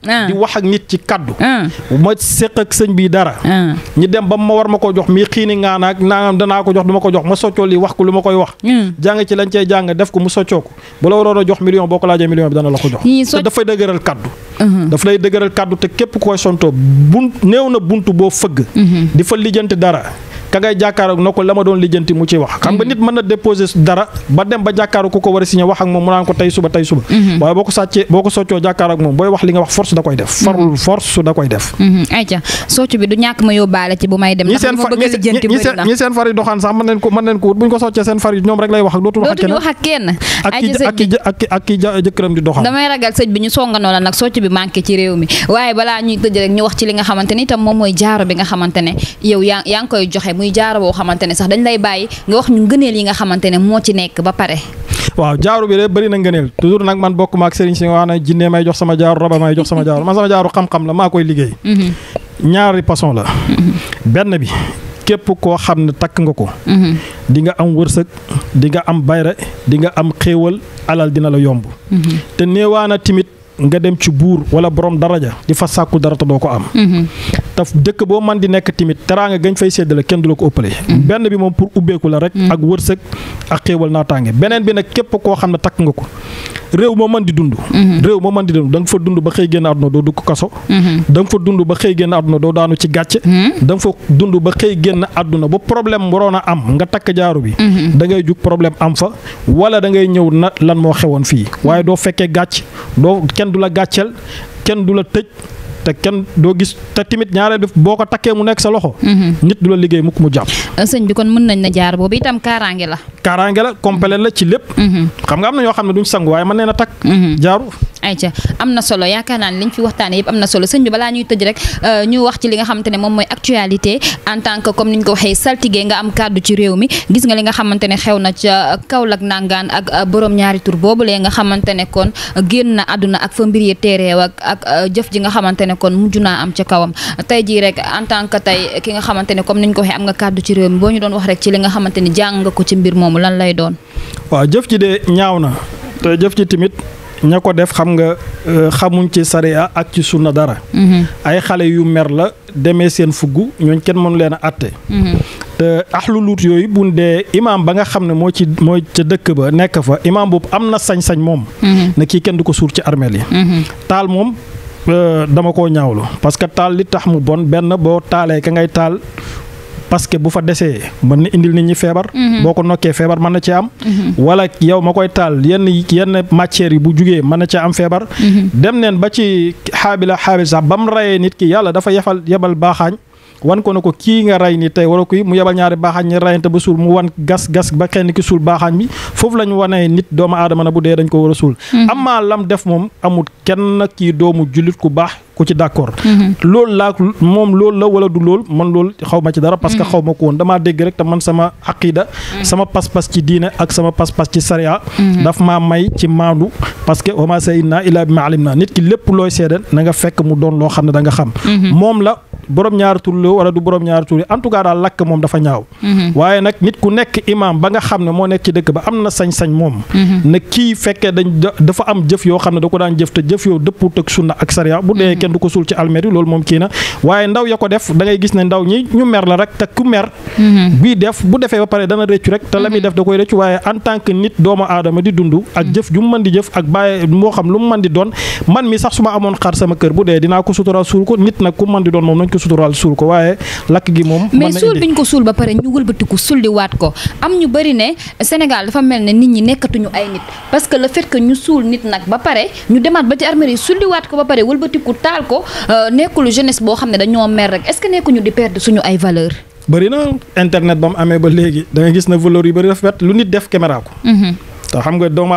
ah. di wax ak nit ci kaddu. Ah. ma seq bi dara. Ah. ñu dem ba ma war ma koo jox mii xiini ngaa naag naam danaa ko jox du ma ko jox ma soccoo li wax ko lu ma koy wax. Hmm. jàng ci lañ cey jàng def ko mu soccoo ko bu la waroon a jox million boo ko laajee million bi dana la ko jox. te dafay dëgëral kaddu. Uh-huh. daf lay dëgëral kaddu te képp ku koy sontoo bun néew na bunt boo fëgg. Uh-huh. di fa lijjanti dara. ka ngay jàkkaaroog na ko la ma doon lijjanti mu ciy wax xam nga mm-hmm. nit mën na déposer dara ba dem ba jàkkaaroog ku ko war a signé wax ak moom mu naan ko tey suba tey suba mm-hmm. waaye boo ko sàccee boo ko soccoo jàkkaaroog moom booy wax li nga wax force da koy def farul mm-hmm. force su da koy def ayca socc bi du ñàkk ma yóbbaale ci bu may dem ndax ma bëgg lijjanti bëri na ñi seen far yi doxaan sax mën nañ ko mën nañ ko wut bu ñu ko soccee seen far yi ñoom rek lay wax ak dootul wax ak kenn ak ki ak ki jëkkëram di doxaan damay ragal sëj bi ñu songanoo la nag socc bi manqué ci réew mi waaye balaa ñuy tëj rek ñu wax ci li nga xamante ni itam moom mooy jaaro bi nga xamante ne yow yaa yaa ngi koy joxe muy jaaro boo xamante ne sax dañ lay bàyyi nga wax ñu ngëneel yi nga xamante ne moo ci nekk ba pare waaw jaaru bi de bëri na ngëneel toujours nag man bokk ma ak sëriñ si nga wax ne jinne may jox sama jaaru raba may jox sama jaaru man sama jaaru xam-xam la maa koy liggéey mhm. ñaari façon la mhm. benn bi képp koo xam ne takk nga ko mhm. di nga am wërsëg di nga am bayre di nga am xéewal alal dina la yomb te néewaana timit nga dem ci buur wala boroom daraja di fa sàkku dara te ko am taf dëkk boo man di nekk timit teraanga gañ fay séddale kenn du la ko ëppale mm. benn bi moom pour ubbeeku la rek mm. ak wërsëg ak xéewal naataange beneen bi nag képp koo xam ne takk nga ko réew moo man di dund mm-hmm. réew ma man di dund da nga fa dund ba xëy génn àdduna doo dugg kaso mm-hmm. da nga fa dund ba xëy génn àdduna doo daanu ci gàcce mm-hmm. da nga fa dund ba xëy génn àdduna ba problème waroon a am nga takk jaaru bi da ngay jug problème am fa wala da ngay ñëw na lan moo xewoon fii waaye doo fekkee gàcc doo kenn du la gàcceel kenn du la tëj te kenn doo gis te tamit ñaareel boo ko takkee mu nekk sa loxo. Mhm. nit du la liggéey mukk mu jàpp. Euh, sëñ bi kon mën nañ na jaar boobu itam kaaraange la. kaaraange la complet la ci lépp. Mhm. xam nga am na ñoo xam ne duñ sangu waaye mën nañ a takk. Mhm. jaaru. ayca am na solo yaakaar naa ne liñ fi waxtaanee yëpp am na solo sëñ bi balaa ñuy tëj rek euh, ñu wax ci li nga xamante moom mooy actualité en tant ni ñu ko waxee saltige nga am kàddu ak euh, borom ñaari tur boobu lee nga xamante ne kon génn na àdduna ak fa mbir yi teereew ak ak euh, jëf ji nga xamante ne kon mujj naa am ca kawam tey jii rek en tant que tey ki nga xamante ne comme ni ñu ko waxee am nga kàddu ci réew mi boo ñu doon wax rek ci li nga xamante ne jàng nga ko ci mbir moomu lan lay doon waaw jëf ji de ñaaw na te jëf ji tamit ña ko def xam nga euh, xamuñ ci sariya ak ci sunna dara. Mm-hmm. ay xale yu mer la demee seen fugg ñooñ kenn mënu leen a àtte. Mm-hmm. te axlu luut yooyu bu ba nga xam ne moo ci moo ca dëkk ba nekk fa imaam boobu am na sañ-sañ moom. Mm-hmm. ne kii kenn du ko suur ci armeel yi. taal moom euh, dama koo ñaawlu parce que taal li tax mu bon benn boo taalee ka ngay taal. parce que bu fa desee mën na indil nit ñi feebar. Mhm. boo ko nokkee feebar mën na cee am. Mhm. wala yow ma koy taal yenn yenn matières yi bu jugee mën na cee am feebar. Mhm. dem neen ba ci xaabila xaabil sax ba mu rayee nit ki yàlla dafa yefal yebal baaxaañ. wan ko ne ko kii nga rey ni tey wala kuy mu yebal ñaari baaxaañ ñi rayante ba suul mu wan gas gas ba kenn ki suul baaxaañ bi foofu la ñu wanee nit doomu aadama na bu dee dañ ko war a suul. amaa lam def moom amul kenn kii doomu jullit ku ci d'accord loolu laa moom loolu la wala du loolu man loolu xaw ma ci dara parce que xaw ma ko woon damaa dégg rek te man sama aqida sama pas-pas ci diine ak sama pas-pas ci sariya daf maa may ci maandu parce que wa ma sayyidna illa bi maalim naa nit ki lépp looy seede na nga fekk mu doon loo xam ne da nga xam mhm. moom la borom ñaar tur la du borom ñaar tur en tout cas daal lakk moom dafa ñaaw. Mhm. waaye nag nit ku nekk imaam ba nga xam ne moo nekk ci dëkk ba am na sañ-sañ moom. Mhm. ne kii fekkee dañ dafa am jëf yoo xam ne da ko daan jëf te jëf yoo dëpput ak mhm. ko suul ci almeer moom kii na waaye ndaw ya ko def da ne ndaw ñi ñu mer la rek te ku mer. buy def dana rëccu rek te la muy def da koy rëccu waaye en tant que nit doomu aadama di dund. ak jëf ju mu mën di jëf ak bàyyi moo xam lu mu di doon man mi sax su ma amoon xar sama kër bu dee dinaa ko sutura suul ko nit nag ku mën doon moom ko suturaal suul ko waaye lakk gi moom. mais suul bi ñu ko suul ba pare ñu wëlbatiku sulliwaat ko am ñu bëri ne Sénégal dafa mel ne nit ñi nekkatuñu ay nit parce que le fait que ñu suul nit nag ba pare ñu demaat ba ci armée yi sulliwaat ko ba pare wëlbatiku taal ko euh, nekkul jeunesse boo xam ne dañoo mer rek est-ce que nekkuñu di perdre suñu ay valeur bëri na internet ba mu amee ba léegi da gis na valeur yu bëri dafa perte lu nit def caméra ko. Mm-hmm. te xam nga doomu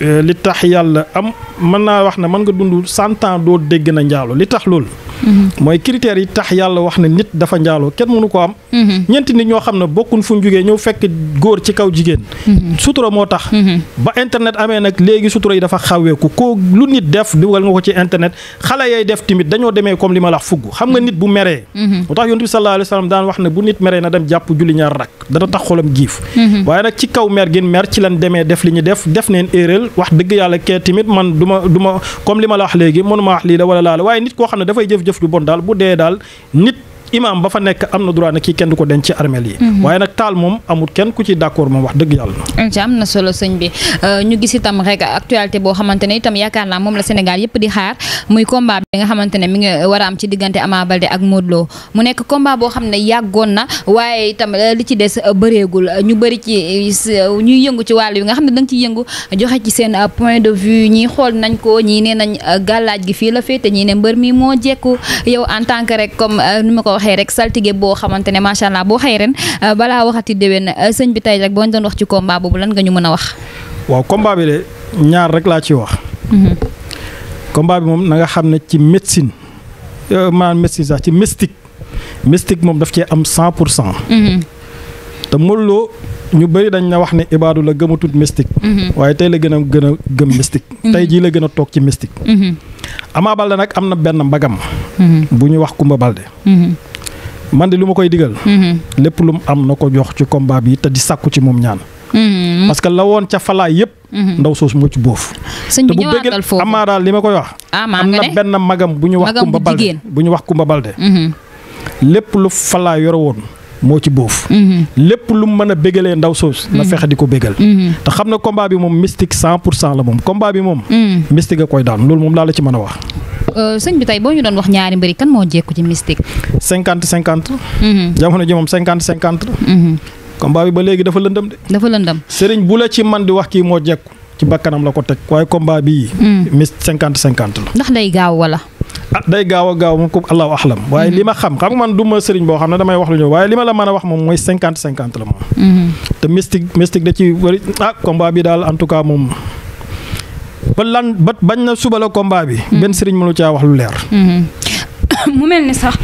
Euh, li tax yàlla am mën naa wax ne mën nga dund cent ans doo dégg na njaalo li tax loolu. Mm-hmm. mooy critères yi tax yàlla wax na nit dafa njaaloo kenn mënu ko am. Mm-hmm. ñeenti nit ñoo xam ne bokkuñ fu ñu jugee ñëw fekk góor ci kaw jigéen. Mm-hmm. sutura moo tax. ba internet amee nag léegi sutura yi dafa xaweeku ko lu nit def dugal nga ko ci internet xale yay def tamit dañoo demee comme li ma la wax fugg xam nga nit bu meree. moo tax yonent bi sallallahu wa sallam daan wax ne bu nit meree na dem jàpp julli ñaar rak dana tax xolam giif. réel wax dëgg yàlla kee tamit man du ma du comme li ma la wax léegi mënuma wax lii la wala laa la waaye nit koo xam ne dafay jëf-jëf ju bon daal bu dee daal nit imaam ba fa nekk am na droit na kii kenn du ko denc ci armeel yi. Mhm. waaye nag taal moom amul kenn ku ci d'accord moom wax dëgg yàlla. ci am na solo sëñ bi euh, ñu gis itam rek actualité boo xamante ne itam yaakaar naa moom la Sénégal yëpp di xaar muy combat bi nga xamante ne ngi war a ci diggante Ama Baldé ak Modou mu nekk combat boo xam ne yàggoon na waaye itam euh, li ci des euh, bëreegul ñu bëri ci ñuy yëngu ci wàll yi nga xam ne danga ci yëngu joxe ci seen point waxee rek saltige boo xamante ne macha allah boo xëy ren euh, balaa waxati déwén euh, sëñ bi tey rek boo ñu doon wax ci combat boobu lan nga ñu mën a wax. waaw combat bi de ñaar rek laa ciy wax. Mhm. combat bi moom na nga xam ne ci médecine euh, maanaam médecine sax ci mystique mystique moom daf cee am cent pour cent. Mhm. te Modou ñu bëri dañ na wax ne ibaadu la gëmatut mystique. Mhm. waaye tey la gën a a gëm mystique. Mhm. tey jii la gën a toog ci mystique. Mhm. Ama Balde nag am na benn mbagam. bu ñu wax Kumba Balde. man de lu ma koy digal. lépp lu mu am na ko jox ci combat bi te di sàkku ci moom ñaan. parce la woon ca falaay yëpp. ndaw soos moo ci boof. suñ bu ñëwaatal foofu te daal li ma koy wax. Ah, am na benn magam bu ñu bu ñu wax Kumba Balde. lépp lu falaay yore woon. moo ci boof. Mm-hmm. lépp lu mën a bégalee ndaw soos na mm-hmm. fexe di ko bégal. Mm-hmm. te xam na combat bi moom mystique cent pour cent la moom combat bi moom. Mm. mystique a koy daan loolu moom laa la ci mën a wax. Euh, sëñ bi tey boo ñu doon wax ñaari mbëri kan moo jékku ci mystique. cinquante cinquante. jamono ji moom cinquante cinquante. combat bi ba léegi dafa lëndëm de. dafa lëndëm sëriñ bu la ci man di wax kii moo jekku ci bakkanam la ko teg waaye combat bii. mis mm. cinquante cinquante la. ndax day gaaw wala. Ah, day gaaw a gaaw moom ko allahu ahlam waaye mhm. li ma xam xam man du ma sëriñ boo xam ne damay wax lu ñu waaye li ma la mën a wax moom mooy cinquante cinquante la moom mhm. te mystique mystique da ci wari ah combat bi daal en tout cas moom ba lan ba bañ na suba la combat bi mhm. benn sëriñ mënu caa wax lu leer mu mel ni sax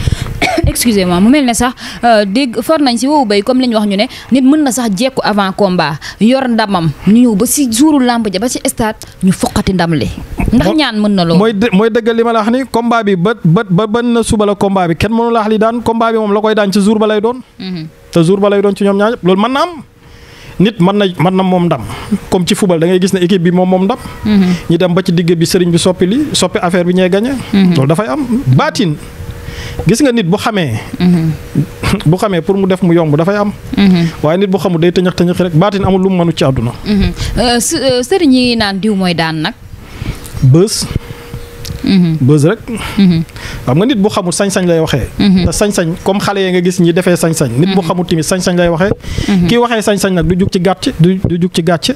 excusez-moi mu mel ne sax euh, dégg for nañ si wowu bay comme li ñu wax ñu ne nit mën na sax jekku avant combat yor ndamam ñu ñëw ba si jouru làmb ja ba si stade ñu foqati ndam li ndax ñaan mën na loolu mooy mooy dëggal li ma la wax ni combat bi ba ba ba na suba la combat bi kenn mënu la wax li daan la koy daan ci jour ba lay doon mhm. te jour ba lay doon ci ñoom ñaar loolu mën na am nit mën na man na moom ndam comme ci football da ngay gis ne équipe bi moom moom ndam mhm. ñi dem ba ci bi sëriñ bi soppi li soppi bi ñee gagné mhm. loolu dafay gis nga nit bu xamee. Mm-hmm. bu xamee pour mu def mu yomb dafay am. Mm-hmm. waaye nit bu xamul day tëñëx tëñëx rek baatin amul lu mu mënu ci àdduna. Mm-hmm. Euh, euh, sëriñ yi naan diw mooy daan nag. bës. Mm-hmm. bës rek mm-hmm. xam nga nit bu xamul sañ-sañ lay waxee mm-hmm. te sañ-sañ comme xale yi nga gis ñi defee sañ-sañ nit bu xamul tamit sañ-sañ lay waxee kii waxee sañ-sañ nag du jug ci gàcce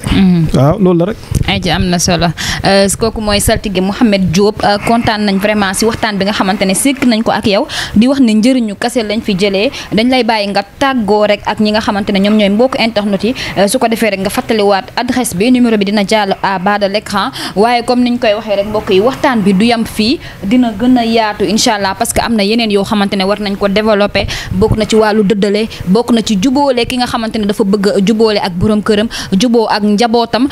waaw loolu la rek ay ci am na solo euh, kooku mooy saltige Mouhamed Diop euh, kontaan nañ si waxtaan bi nga xamante ne sikk nañ ko ak yow di wax ne njëriñu kase lañ fi jëlee dañ lay bàyyi nga tàggoo rek ak ñi nga xamante ñoom ñooy mbokk internet yi euh, su ko defee rek nga fàttaliwaat adresse bi numéro bi dina jàll à de l'écran waaye comme niñ koy waxee rek mbokk yi waxtaan yem fii dina a yaatu incha allah parce am na ne war nañ ko développer bokk na ki nga xamante a jubóole ak borom këram juboo ak njabootam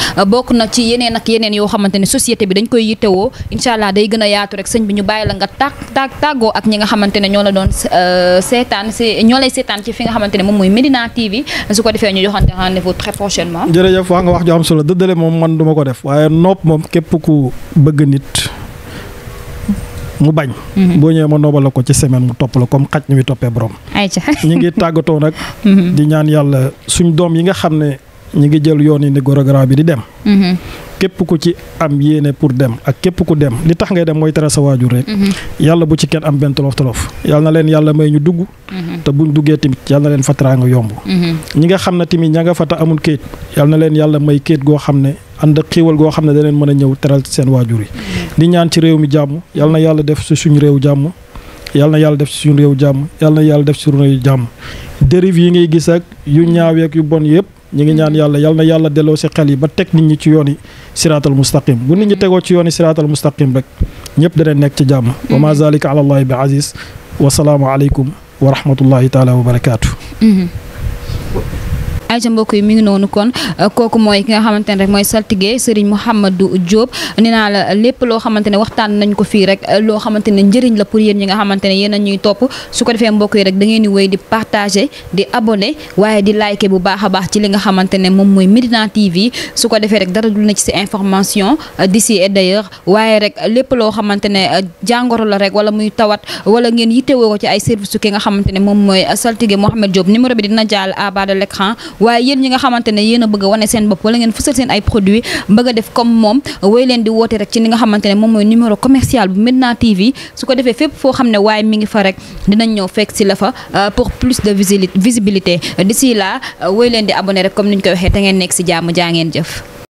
na ci yeneen ak yeneen yoo xamante ne société bi dañ koy yittewoo incha allah day gën a yaatu rek sëñ bi ñu bàyyi la nga tàgg tàgg tàggoo ak ñi nga xamante ñoo la doon euh, seetaan si ñoo lay seetaan ci fi nga xamante ne moom mooy Medina TV su ko defee ñu joxante rendez-vous très prochainement. jërëjëf waa nga wax ju solo dëddale moom man duma ko def waaye nopp moom képp ku bëgg nit mu bañ. Mhm. boo ñëwee ma noobal la ko ci semaine mu topp la comme xaj ni muy toppee borom. ayca ñu tàggatoo nag. Mhm. di ñaan yàlla suñ doom yi nga xam ne ñu ngi jël yoon yi ni gorogra bi di dem. Mhm. képp ku ci am yéene pour dem ak képp ku dem li tax ngay dem mooy tere sa waajur rek. Mhm. yàlla bu ci kenn am benn tolof tolof yàlla na leen yàlla may ñu dugg. Mhm. te buñ duggee tamit yàlla na leen fa teraanga mhm. ñi nga xam ne tamit ña nga fa te amul kayit yàlla leen yàlla may kayit goo xam ne ànd ak xiiwal goo xam ne daneen mën a ñëw teral seen waajur yi. di ñaan ci réew mi jàmm yàlla na yàlla def si suñu réew jàmm. yàlla na yàlla def si suñu réew jàmm yàlla na yàlla def si suñu réew jàmm dérive yi ngay gis ak yu ñaaw ak yu bon yëpp ñu ngi ñaan yàlla yal na yàlla delloo si xel yi ba teg nit ñi ci yooni siraatal mustaqim bu nit ñi tegoo ci yooni siraatal mustaqim rek ñëpp dana nekk ci jàmm wa ma zalika ala allahi bi aziz wa salaamu aleykum wa rahmatullahi taala wa barakaatu mm-hmm. ayca mbokk yi mi ngi noonu kon euh, kooku mooy ki nga ne rek mooy saltige Serigne Mouhamadou Diop nee naa la lépp loo xamante ne waxtaan nañ ko fii rek loo xamante ne njëriñ la pour yéen ñi nga xamante ne yéen a ñuy topp su ko defee mbokk yi rek da ngeen di wéy di partager di abonné waaye di baax baax ci li nga xamante ne moom mooy Médina TV su ko defee rek dara dul na ci si information euh, d'ici et d'ailleurs waaye rek lépp loo xamante ne euh, jàngoro la rek wala muy tawat wala ngeen yittewoo ko ci ay service su ki nga xamante ne moom mooy saltige Mouhamed Diop numéro bi dina jàll à bas de waaye yéen ñi nga xamante ne yéen bëgg a wane seen bopp wala ngeen fësal seen ay produit bëgg def comme moom wooy leen di woote rek ci li nga xamante ne moom mooy numéro commercial bu Medina TV su ko defee fépp foo xam ne waaye mi ngi fa rek dinañ ñëw fekk si la fa euh, pour plus de visibilité d'ici là euh, wooy leen di abonné rek comme ni ñu koy waxee te ngeen nekk si jaamu jaa ngeen jëf